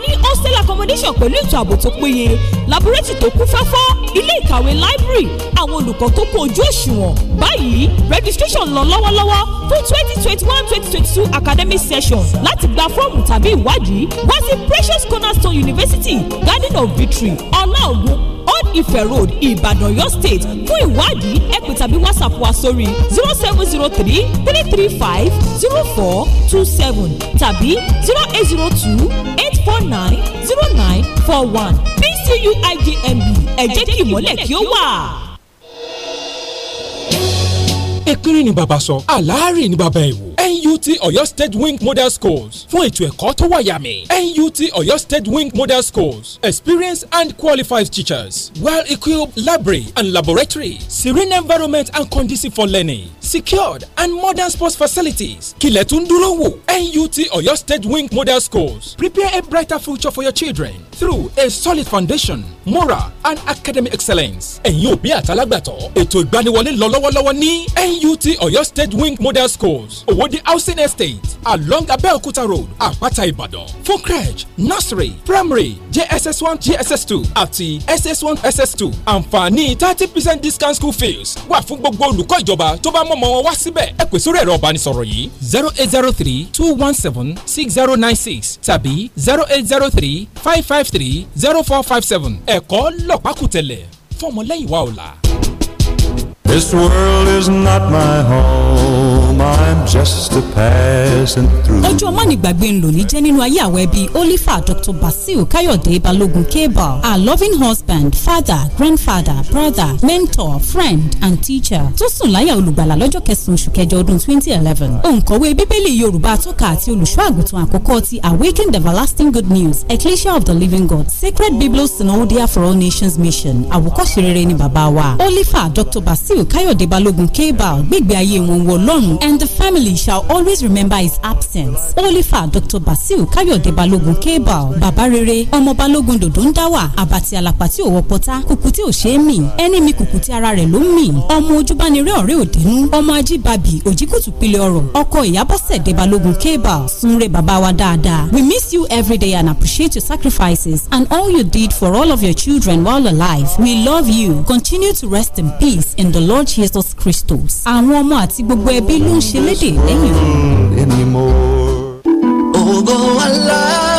ní hostel accommodation pẹ̀lú ètò ààbò tó péye laboratory tó kún fáfá ilé ìkàwé library àwọn olùkọ́ tó kún ojú òṣùwọ̀n báyìí registration lọ lọ́wọ́lọ́wọ́ fún twenty twenty one twenty twenty two academic session láti gba fọ́ọ̀mù tàbí ìwádìí wá sí precious cornerstone university garden of victory ọláògùn old ife road ìbàdàn yọ state fún ìwádìí ẹ tàbí whatsapp wa sórí zero seven zero three three three five zero four two seven tàbí zero eight zero two eight four nine nine zero nine four one pcuigmb ẹ jẹ́ kí ìmọ̀lẹ̀ kí ó wà ekiri ni bàbá sọ àlàárì ni bàbá ẹ̀wò NUT Ọ̀yọ́ State Wing Model Schools fún ètò ẹ̀kọ́ tó wáyàmì NUT Ọ̀yọ́ State Wing Model Schools experienced and qualified teachers well-equipped library and laboratory serene environment and conducive for learning secured and modern sports facilities kílẹ̀ tún dúró wò NUT Ọ̀yọ́ State Wing Model Schools prepare a brighter future for your children through a solid foundation moral and academic excellence ẹ̀yin òbí àtàlágbàtọ́ ètò ìgbaniwọlé lọ lọ́wọ́lọ́wọ́ ní AUT Oyo State Wing Model Schools, Owode Housing Estate, along Abeokuta Road, Apata Ibadan. Focreg, Nursery, Primary, JSS1, JSS2 àti SS1, SS2. Àǹfààní thirty percent discount school fees wà fún gbogbo olùkọ́ ìjọba tó bá mọ̀mọ́ wọn wá síbẹ̀. Ẹ pè sórí ẹ̀rọ ìbánisọ̀rọ̀ yìí zero eight zero three two one seven six zero nine six tàbí zero eight zero three five five three zero four five seven. Ẹ̀kọ́ lọ́pàkùtẹ̀lẹ̀ fọmọlẹ́yìn wa ọ̀la. This world is not my home, I'm just a passing through. ọjọ́ mánigbàgbé ń lò ní jẹ́ nínú ayé àwọn ẹbí olifa dr basil kayode balogun kebal a loving husband father grandfather brother mentor friend and teacher tó sùn láyà olùgbàlà lọ́jọ́ kẹsàn-án oṣù kẹjọ ọdún twenty eleven òǹkọ̀wé bíbélì yorùbá atọ́ka àti olùṣọ́ àgùntàn àkọ́kọ́ ti awaken the everlasting good news ecclesia of the living god sacred bible synodia for all nations mission àwòkọ́ṣe rere ni bàbá wa olifa dr basil Apostle Kayode Balogun Kebal gbègbè ayé wọn wọ lọ́run and the family shall always remember his absence. Olifa Dr. Basil Kayode Balogun Kebal bàbá rere ọmọ Balogun dòdò ń dá wà àbàtì àlàpà tí ò wọ pọ́tá kùkù tí ò ṣe é mì ẹni mi kùkù tí ara rẹ̀ ló ń mì ọmọ ojúbánirẹ́ ọ̀rẹ́ òdínú ọmọ ajíbàbí òjìkùtù pilẹ̀ ọ̀rọ̀ ọkọ ìyábọ̀sẹ̀ dé Balogun Kebal sunre bàbá wa dáadáa. We miss you every day and appreciate your sacrifices and all you did for all of your children while alive. We love you. Continue to rest in peace in the Lord. Lord Jesus Christos. àwọn ọmọ àti gbogbo ẹbí ló ń ṣe léde lẹ́yìn. Hmm, ògo Allah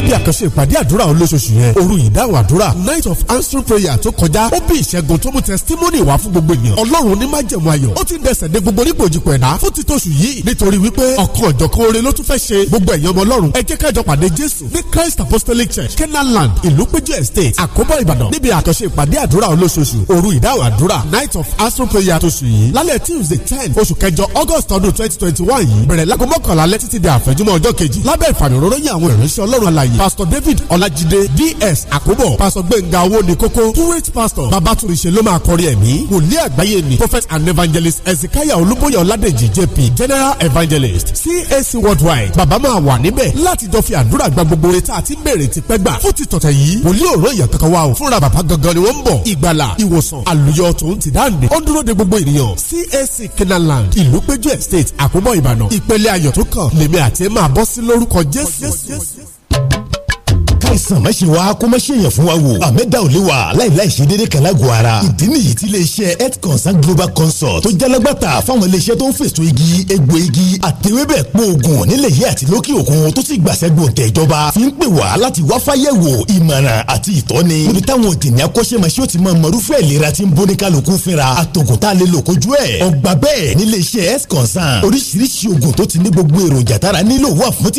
níbi àkànṣe ìpàdé àdúrà olóṣooṣù yẹn òru ìdáhùn àdúrà night of answer prayer tó kọjá ó bí ìṣẹ́gun tó mú testimony wá fún gbogbo ènìyàn ọlọ́run ní májẹ̀mú ayọ̀ ó ti ń dẹsẹ̀ dé gbogbo nígbò òjìpọ̀ ẹ̀dá fún títòṣù yìí nítorí wípé ọ̀kan ọ̀jọ̀kan oore ló tún fẹ́ ṣe gbogbo ẹ̀yàn ọmọ ọlọ́run ẹ jẹ́ kájọ pàdé jésù ní christ apostolic church kenaland ìlúpéjú estate àkóbọ̀ ìbàdàn níbi àkànṣe ìpàdé àdúrà olóṣooṣù oru ìdáhùn àdúrà night of answer prayer tóṣù yìí lálẹ́ tuesday ten oṣù kẹjọ august ọdún twenty twenty one yìí bẹ̀rẹ̀ lágọ́ mọ́kànlá lẹ́títí di àfẹ́júmọ́ ọjọ́ kejì lábẹ́ ìfàmì òróró yìí àwọn ìránṣẹ́ ọlọ́run alàyè àyè pastor david ọlájídé ds àkóbọ̀ pastor gbẹ̀ngà owó ní kókó curate pastor babatunṣe ló máa kọrin ẹ̀mí wòlíì àgbáyé ni prophet and evangelist ezekiah olúbóyè ọládèjì jp general evangelist cac worldwide bàbá máa wà níbẹ̀ láti jọ fi àdúrà gba gbogbo etí àti béèrè ti pẹ́ gbà fún ti tọ̀tẹ̀ yìí wòlíì òró ìyàn kankan wa o fúnra bàbá gangan ni wọ́n ń bọ̀ ìgbàlà ìwòsàn àlùyọ tòun ti dáǹdè ó dúró de gbogbo ènìyàn cac kenaland ìlú péjú estate àkóbọ̀ ìbàdàn ìpele ayọ̀ tó kàn lèmi àti ẹ̀ máa bọ́ sí lórúkọ jésù àìsàn má ṣe wa kó má ṣe yàn fún wa wò àmẹ́dá ò lè wa láìláì ṣe déédéé kan lágọ̀ọ́ ara ìdí nìyí tí iléeṣẹ́ health consult global consult tó jalagbàtà fáwọn iléeṣẹ́ tó ń fèsò igi egbò igi àtẹwébẹ̀ pòògùn nílẹ̀ yìí àti lókè òkun tó sì gbàṣẹ́ gbòǹtẹ̀ ìjọba fi ń pè wá láti wá fáyẹ̀wò ìmọ̀ràn àti ìtọ́ni níbi táwọn òdìní akọ́ṣẹ́mọṣẹ́ ò ti mọ mọ̀rúfẹ́ ìlera tí ń bóni kálukú fínra àtògùn tá a lè lò kojú ẹ̀ ọgbà bẹ́ẹ̀ níléeṣẹ́ health consult oríṣiríṣi ògùn tó ti ní gbogbo èròjà tára nílò wà fún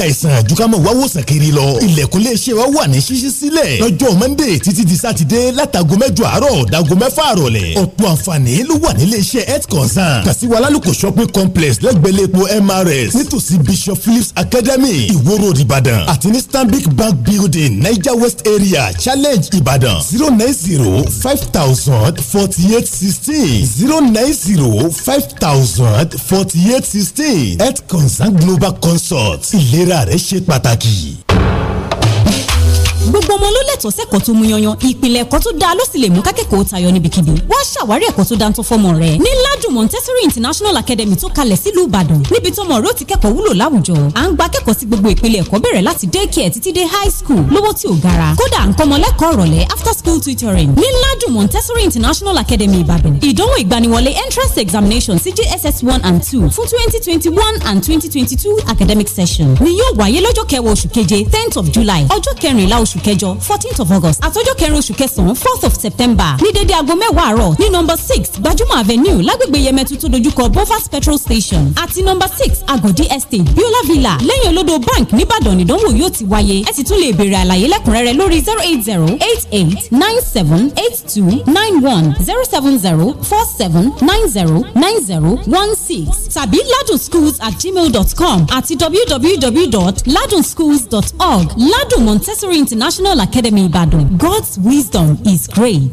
ń àìsàn àjùkámọ̀ wá wòsàn kiri lọ ilẹ̀kùn lè ṣe wa wà ní ṣíṣí sílẹ̀ lọ́jọ́ monday títí di sátidé látàgọ́ mẹ́jọ àárọ̀ dàgọ́ mẹ́fà àrọ̀lẹ̀ ọ̀pọ̀ àǹfààní ló wà nílé iṣẹ́ health concern kàṣíwá alálùkò shopping complex lẹ́gbẹ̀lẹ́ epo mrs nítòsí bishop phillips academy ìwó road ìbàdàn àti ní stanbic bank building niger west area challenge ìbàdàn zero nine zero five thousand forty eight sixteen zero nine zero five thousand forty eight sixteen health concern global consult ìlera ìlera rẹ ṣe pàtàkì gbogbo ọmọ ló lẹ́tọ̀ọ́ sẹ́kọ̀ọ́ tó mú yanyan ìpìlẹ̀ ẹ̀kọ́ tó dáa ló sì lè mú kákẹ́kọ̀ọ́ tayọ níbikíbi wá ṣàwárí ẹ̀kọ́ tó dáńtọ́ fọ́mọ rẹ ní Ládùn Montessori International Academy tó kalẹ̀ sílùú Ìbàdàn níbi tọ́mọ rẹ ó ti kẹ́kọ̀ọ́ wúlò láwùjọ à ń gba kẹ́kọ̀ọ́ sí gbogbo ìpele ẹ̀kọ́ bẹ̀rẹ̀ láti daycare títí dé high school lówó tí ò gara kódà à ń after school tutoring ní Ládùn Montessori International Academy Ìbàdàn ìdánwò ìgbaniwọlé entrance examination sí one and two fún twenty and twenty academic session ni yóò wáyé lọ́jọ́ kẹwàá tenth of July ọjọ́ kẹrìnlá oṣù oṣù kẹjọ fourteenth of august àtọjọ́ kẹrin oṣù kẹsàn fourth of september ní dédé aago mẹ́wàá àárọ̀ ní number six gbajúmọ̀ avenue lágbègbè yẹmẹtu tó dojúkọ bovas petrol station àti number six agodi estate biola villa lẹ́yìn olódò bank nìbàdàn ìdánwò yóò ti wáyé ẹ sì tún lè béèrè àlàyé lẹ́kùnrẹ́rẹ́ lórí zero eight zero eight eight nine seven eight two nine one zero seven zero four seven nine zero nine zero one six tàbí ladunschools at gmail dot com àti www dot ladunschools dot org ladun montessori international International Academy Ibadan. God's wisdom is great.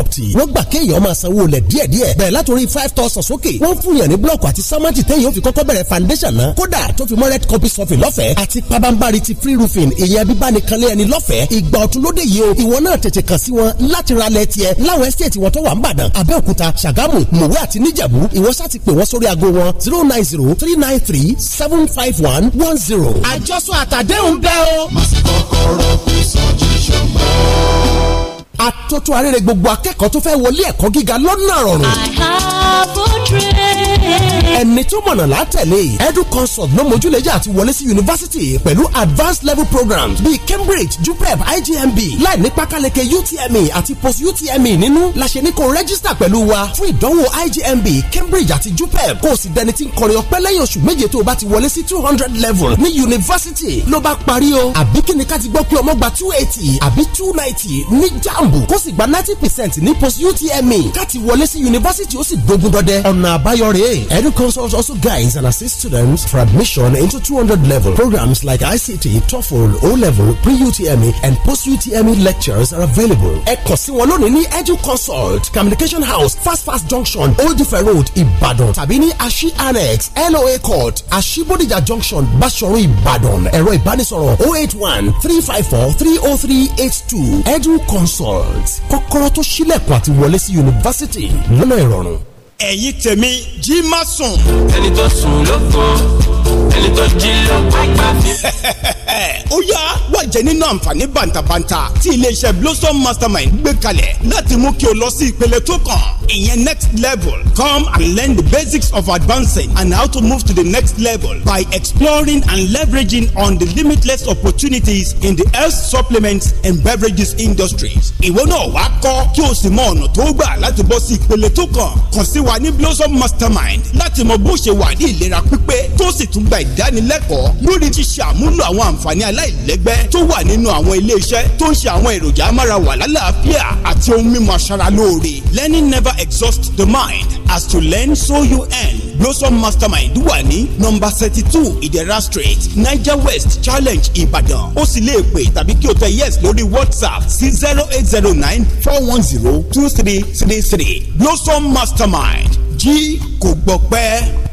property wọ́n gbà kéèyàn máa sanwó lẹ̀ díẹ̀díẹ̀ bẹ̀rẹ̀ látòrí five thousand sókè wọ́n fún yàn ní blọọkù àti sámẹ́ǹtì téèyàn fi kọ́kọ́ bẹ̀rẹ̀ foundation náà kódà tó fi mọ́ red copy sọ́fìn lọ́fẹ̀ẹ́ àti pabambari ti free roofing ìyẹn bíbáni kanlé ẹni lọ́fẹ̀ẹ́ ìgbà ọ̀tún lóde yìí o ìwọ náà tètè kàn sí wọn láti ra lẹ̀ tiẹ̀ láwọn estate wọn tó wà ń bàdàn abẹ́òkúta ṣàgámù mòwe àti níjàbù ìwọ sá ti pè wọ́n sórí ago wọn zero nine zero three nine three seven five one one zero. àjọsọ àtàdéhùn bẹ́ẹ̀ o. màsí kọ́kọ́rọ́ fi sọ́jú ṣùgbọ́n atótó arére gbogbo akẹ́kọ̀ọ́ tó fẹ́ wọlé ẹ̀kọ́ gíga lọ́nà rọrùn. ẹni tó mọ̀nà látẹ̀lé edu consult ló mójúlẹ́jà àti wọlé sí yunifásitì pẹ̀lú advanced level programs bíi Cambridge JUPEB IJMB láì ní pákáleke UTME àti post UTME nínú la ṣe ní kó rẹ́gísítà pẹ̀lú wa fún ìdánwò IJMB Cambridge àti JUPEB kó o sì dẹni tí ń kọrin ọpẹ́ lẹ́yìn oṣù méje tó o bá ti wọlé sí two hundred level ní yunifásitì ló bá parí o àbí kíni ká ti gbọ́ pé ọmọ gba two eighty àbí two ninety ní JAMB jambu kó sì gba ninety percent ní post utme káàtì wọlé sí yunifásitì ó sì gbógun dọdẹ ọ̀nà àbáyọ rèé edu consult also guides and assists students for admission into two hundred level programs like ict toefl o level pre-utme and post-utme lectures are available ẹ kàn sí wọn lónìí ní edu consult communication house fast fast junction old ife road ìbàdàn tàbí ní ashi annex LOA court ashibodija junction basoro ìbàdàn ẹ̀rọ ìbánisọ̀rọ̀ 081 354 one three oh edu consult. World kọ́kọ́rọ́ tó ṣílẹ̀kùn àti wọlé sí yunifásítì lọ́nà ìrọ̀rùn ẹ̀yin tèmi jí má sùn. ẹni tó sùn ló kàn ẹni tó jí ló gbàgbà mi. ó yá wá jẹ nínú àǹfààní bàǹtàbàǹtà tí iléeṣẹ́ Blossom Mastermind gbé kalẹ̀ láti mú kí o lọ sí ìpele tó kàn ìyẹn next level come and learn the basics of advancing and how to move to the next level by exploring and leveraging on the limitless opportunities in the health supplements and beverages industries. ìwọ náà wá kọ́ kí o sì mọ ọ̀nà tó gbà láti bọ́ sí ìpele tó kàn kàn sí wa wà ní Blossom Mastermind láti mọ bó ṣe wà ní ìlera pípé tó sì tún gba ìdánilẹ́kọ̀ọ́ lórí ṣíṣe àmúlò àwọn àǹfààní aláìlẹ́gbẹ́ tó wà nínú àwọn ilé tó ń ṣe àwọn èròjà amárawà lálàáfíà àti ohun mímu aṣara lóore learning never exhausts the mind as to learn so you earn Blossom Mastermind wà ní nọ́mbà thirty two Ìdẹ̀ra street Niger West Challenge Ìbàdàn ó sì lè pè tàbí kí o tẹ yes lórí WhatsApp sí zero eight zero nine four one zero two three three three Blossom Mastermind nine. jí kò gbọpẹ́.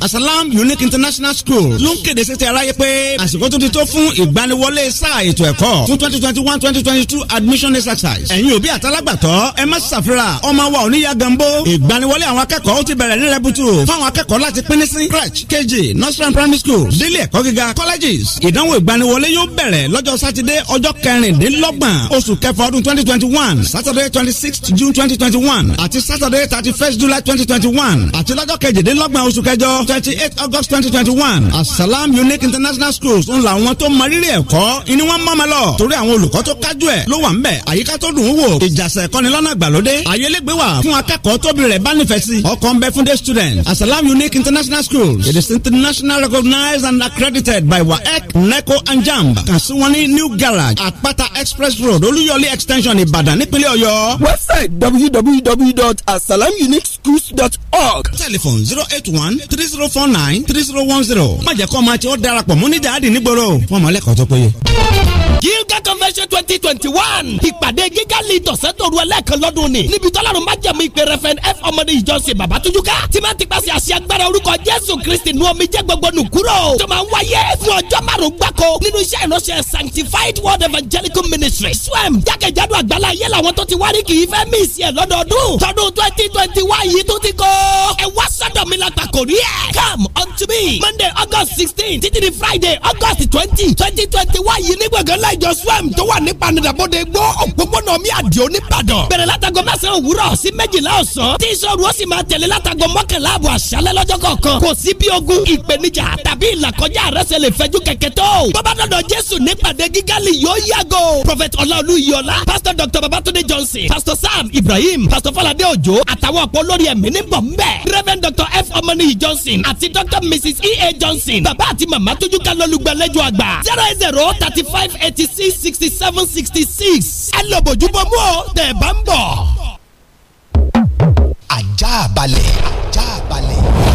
Asalam Unique International School ló ń kéde sí ti aráyé pé àsìkò tó ti tó fún ìgbaniwọlé sáà ètò ẹ̀kọ́ fún twenty twenty one twenty twenty two admission exercise. ẹ̀yin òbí àtàlágbàtọ́ ẹ má ṣàfira ọmọ wa ò ní ya gambo. ìgbaniwọlé àwọn akẹ́kọ̀ọ́ ó ti bẹ̀rẹ̀ ní rẹ́bùtù fáwọn akẹ́kọ̀ọ́ láti pín ní sí crèche kejì nursery primary school délé ẹ̀kọ́ gíga colleges. ìdánwò ìgbaniwọlé yóò bẹ̀rẹ̀ lọ́jọ́ sátidé ọjọ́ kẹrìndínlọ́gbọ̀n oṣù kẹfà ọdún twenty twenty one saturday twenty six june twenty twenty one àti saturday thirty july twenty twenty one àti lọ́jọ́ kejìdínlọ́gbọ̀n ọgbọ̀n oṣù kẹjọ twenty eight august twenty twenty one asalam unique international schools ń la àwọn tó mọ rírì ẹ̀kọ́ ni wọ́n mọ́ ma lọ torí àwọn olùkọ́ tó kájú ẹ̀ ló wà ń bẹ̀ àyíká tó dùn ún wò ìjàsẹ̀ kọ́ni lọ́nà gbàlódé ayélégbé wà fún akẹ́kọ̀ọ́ tóbi rẹ̀ bá nífẹ̀ẹ́ sí ọkọ̀ bẹ fún day students asalam unique international schools it is internationally recognized and accredited by waec neco and jamb kàn new garage àpáta express road olúyọlé extension ìbàdàn nípínlẹ̀ ọ̀yọ́ website www.asalamuniqueschools.org telephone zero eight one three zero four nine three zero one zero. má jẹ́ kó ọmọ àti ó darapọ̀ mú ní dáàdì nígboro fún ọmọ lẹ́kọ̀ọ́ tó péye. Gíga convention twenty twenty one ìpàdé gíga lead ọ̀sẹ̀ tó ru ẹlẹ́ẹ̀kan lọ́dún ni níbi tọ́lárun má jẹ̀mú ìpè rẹ̀fẹ̀n f ọmọdé ìjọsìn bàbá túnjúká tí máa ti pàṣẹ àṣẹ agbára orúkọ Jésù Kristi nu omi jẹ́ gbogbo nù tó máa ń wáyé fún ọjọ́ márùn-ún gbáko nínú iṣẹ́ ìránṣẹ́ sanctified word evangelical ministry swem jákèjádò àgbàlá ayé làwọn tó ti wárí kì í fẹ́ mí ìsì ẹ̀ lọ́dọọdún tọdún twenty twenty one yìí tó ti kọ́ ẹ wá sọ́dọ̀ àtàkòrí ẹ̀. come unto me monday august sixteen títí di friday august twenty twenty twenty one yìí ní gbọ̀ngàn láìjọ swam tó wà ní panadabode gbọ́ òpópónà mi àdìo nìbàdàn. bẹ̀rẹ̀ látago mẹ́sàn-án òwúrọ̀ sí méjìlá ọ̀sán tí ìṣòro ó sì máa tẹ̀lé látago mọ́kànlá àbọ̀ àṣálẹ́ lọ́jọ́ kọ̀ọ̀kan kò sí bí ogun ìpèníjà tàbí ìlàkọjá àrẹsẹ̀ lè fẹjú kẹ̀kẹ́ tó. bọ́bá dọ̀dọ̀ jésù nípàdé gígálì yóò yàgò. prophet ọláolú iyọlá pastor dr babatunde johnson pastor sam ibrahim pastor falade ojo àtàwọn ọ̀pọ̀ olórí ẹ̀mí níbọ̀ ń bẹ̀. reverend dr f ọmọnìyí johnson àti dr mrs ea johnson bàbá àti màmá tójú ká lọ́lùgbàlejò àgbà zero eight zero thirty five eighty six sixty seven sixty six ẹ lọ bójú bọ́ mú o tẹ̀ bá ń bọ̀. ajá balẹ̀ ajá balẹ̀.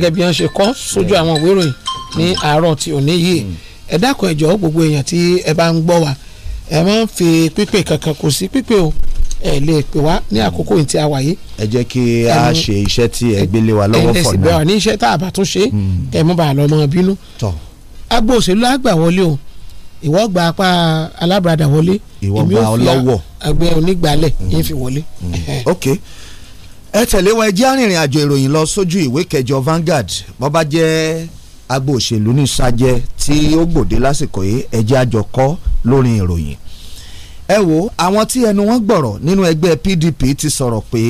gẹ́gẹ́ bí wọ́n ṣe kọ́ sójú àwọn ìwé ìròyìn ní àárọ̀ tí ò ní yìí ẹ dákun ẹ jọ̀ọ́ gbogbo èèyàn tí ẹ bá ń gbọ́ wa ẹ máa ń fi pípè kankan kò sí pípè o ẹ lè pè wá ní àkókò tí a wà yìí. ẹ jẹ́ kí a ṣe iṣẹ́ tí ẹ gbélé wa lọ́wọ́ fọ̀ náà ẹ lè sì bẹ̀rẹ̀ ní iṣẹ́ tá a bá tún ṣe hmm. ẹ mú bàa lọ mọ́ bínú. agbo òṣèlú àgbà wọlé o ìwọ gba apá alábàradà wọlé ìwọ gba ọlọ́wọ̀ àgbẹ̀ onígbàálẹ̀ hmm. yẹn fi wọlé. Hmm ẹ tẹ̀lé wa ẹjẹ́ arìnrìn àjò ìròyìn lọ sójú ìwé kẹjọ Vanguard bó bá jẹ́ agbo òṣèlú ní sàjẹ́ tí ó gbòde lásìkò yìí ẹjẹ́ àjọkọ́ lórí ìròyìn. ẹ wo àwọn tí ẹnu wọn gbọ̀rọ̀ nínú ẹgbẹ́ PDP ti sọ̀rọ̀ pé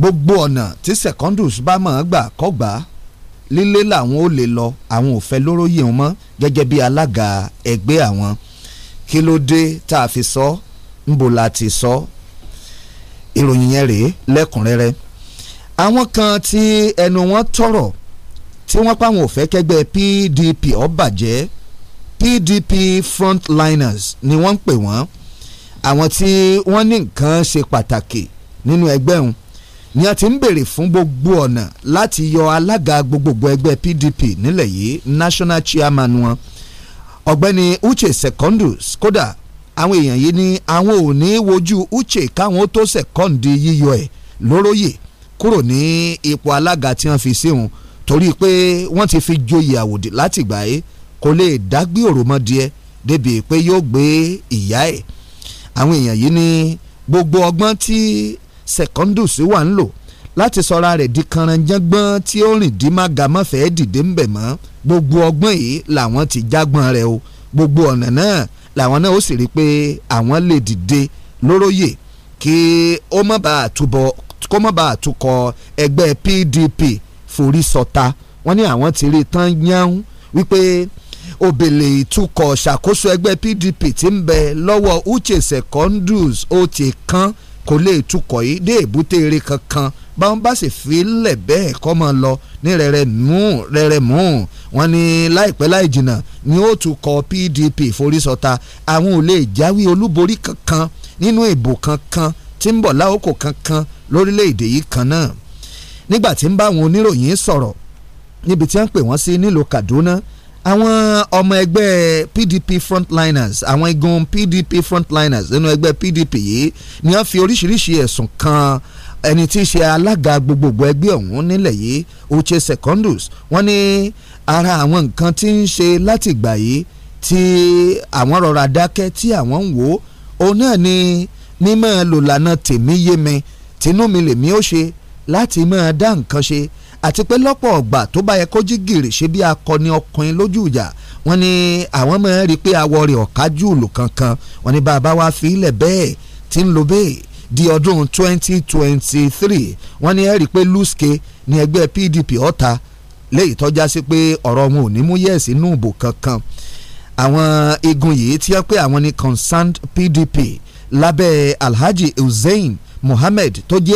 gbogbo ọ̀nà tí Secondus bá mọ̀ ọ́n gbà kọ́gbà lílé làwọn ò lè lọ àwọn ò fẹ́ lóró yìí mọ́ gẹ́gẹ́ bí alága ẹgbẹ́ àwọn kí ló dé tá a fi sọ ńbò la ti sọ ìròyìn yẹn rèé lẹ́kùnrẹ́rẹ́ àwọn kan tí ẹnu wọn tọrọ tí wọ́n pàwọn ò fẹ́ kẹ́gbẹ́ PDP ó PDP frontliners ni wọ́n ń pè wọ́n àwọn tí wọ́n ní nǹkan ṣe pàtàkì nínú ẹgbẹ́ òun ni a ti ń béèrè fún gbogbo ọ̀nà láti yọ alága gbogbogbò ẹgbẹ́ PDP nílẹ̀ yìí national chairman wọn ọ̀gbẹ́ni Uche Secondus kódà àwọn èèyàn yìí ni àwọn ò ní wojú Uche káwọn tó sẹ̀kọ́ǹdì yíyọ ẹ̀ lóróyè kúrò ní ipò alága tí wọ́n fi síhun torí pé wọ́n ti fi joyè àwòdì látìgbà yìí kò lè dágbé òròmọdìẹ débi pé yóò gbé ìyá ẹ̀ àwọn èèyàn yìí ni gbogbo ọgbọ́n tí Secondus wà ń lò láti sọra rẹ̀ di kànránjẹ́gbọ́n tí ó rìn dí mágamọ́fẹ́ dìde ń mọ́ gbogbo ọgbọ́n yìí làwọn ti jágbọ́n rẹ̀ o gbogbo ọ̀nà náà làwọn náà ó sì rí i pé àwọn lè dìde lóróyè kí ó mọ̀ bá àtúbọ̀ kó mọ̀ bá àtúkọ ẹgbẹ́ PDP forí sọta wọ́n ní àwọn ti rí i tán yán wípé òbèlè ìtukọ̀ ṣàkóso ẹgbẹ́ PDP ti ń bẹ lọ́wọ́ Uche Secondus ó ti kán kò lè tukọ̀ yìí dé èbúté eré kankan báwọn bá sì fi lẹ̀ bẹ́ẹ̀ kọ́ mọ́ lọ ní rẹ̀rẹ̀ mú rẹ̀rẹ̀ mú wọn ni láìpẹ́ láì jìnnà ni ó tukọ̀ PDP forísọta àwọn ò lè jáwé olúborí kankan nínú ìbò kankan tí ń bọ̀ láòkò kankan lórílẹ̀‐èdè yìí kan náà nígbà tí ń bá àwọn oníròyìn sọ̀rọ̀ níbi tí wọ́n pè wọ́n sí nílùú Kaduna àwọn ọmọ ẹgbẹ́ PDP frontliners àwọn igun PDP frontliners nínú ẹgbẹ́ PDP yìí ni wọ́n fi oríṣiríṣi ẹ̀sùn kan ẹni tí í ṣe alága gbogbogbò ẹgbẹ́ ọ̀hún nílẹ̀ yìí Uche Secondus wọ́n ní ara àwọn nǹkan tí ń ṣe láti ìgbà yìí tí àwọn rọra dákẹ́ tí àwọn ń wò ó náà ni mímọ́ lòlànà tèmi yé mi tínú mi lèmi ó ṣe láti máa dá nǹkan ṣe àti pé lọ́pọ̀ ọ̀gbà tó bá yẹ kó jí gìrì ṣe bí akọni ọkùnrin lójú ìjà wọ́n ní àwọn máa ń rí i pé awọ rẹ̀ ọ̀ká júùlù kankan wọ́n ní bàbá wa fi ilẹ̀ bẹ́ẹ̀ tí ń lo bẹ́ẹ̀ di ọdún 2023 wọ́n ní ẹ̀rí pé luske ní ẹgbẹ́ PDP ọ̀ta léyìí tọ́já sí pé ọ̀rọ̀ wọn ò ní mú yẹ̀sí inú ìbò kankan àwọn igun yìí tí wọ́n pé àwọn ni concerned PDP lábẹ́ Alhaji Hussein Mohammed tó jẹ́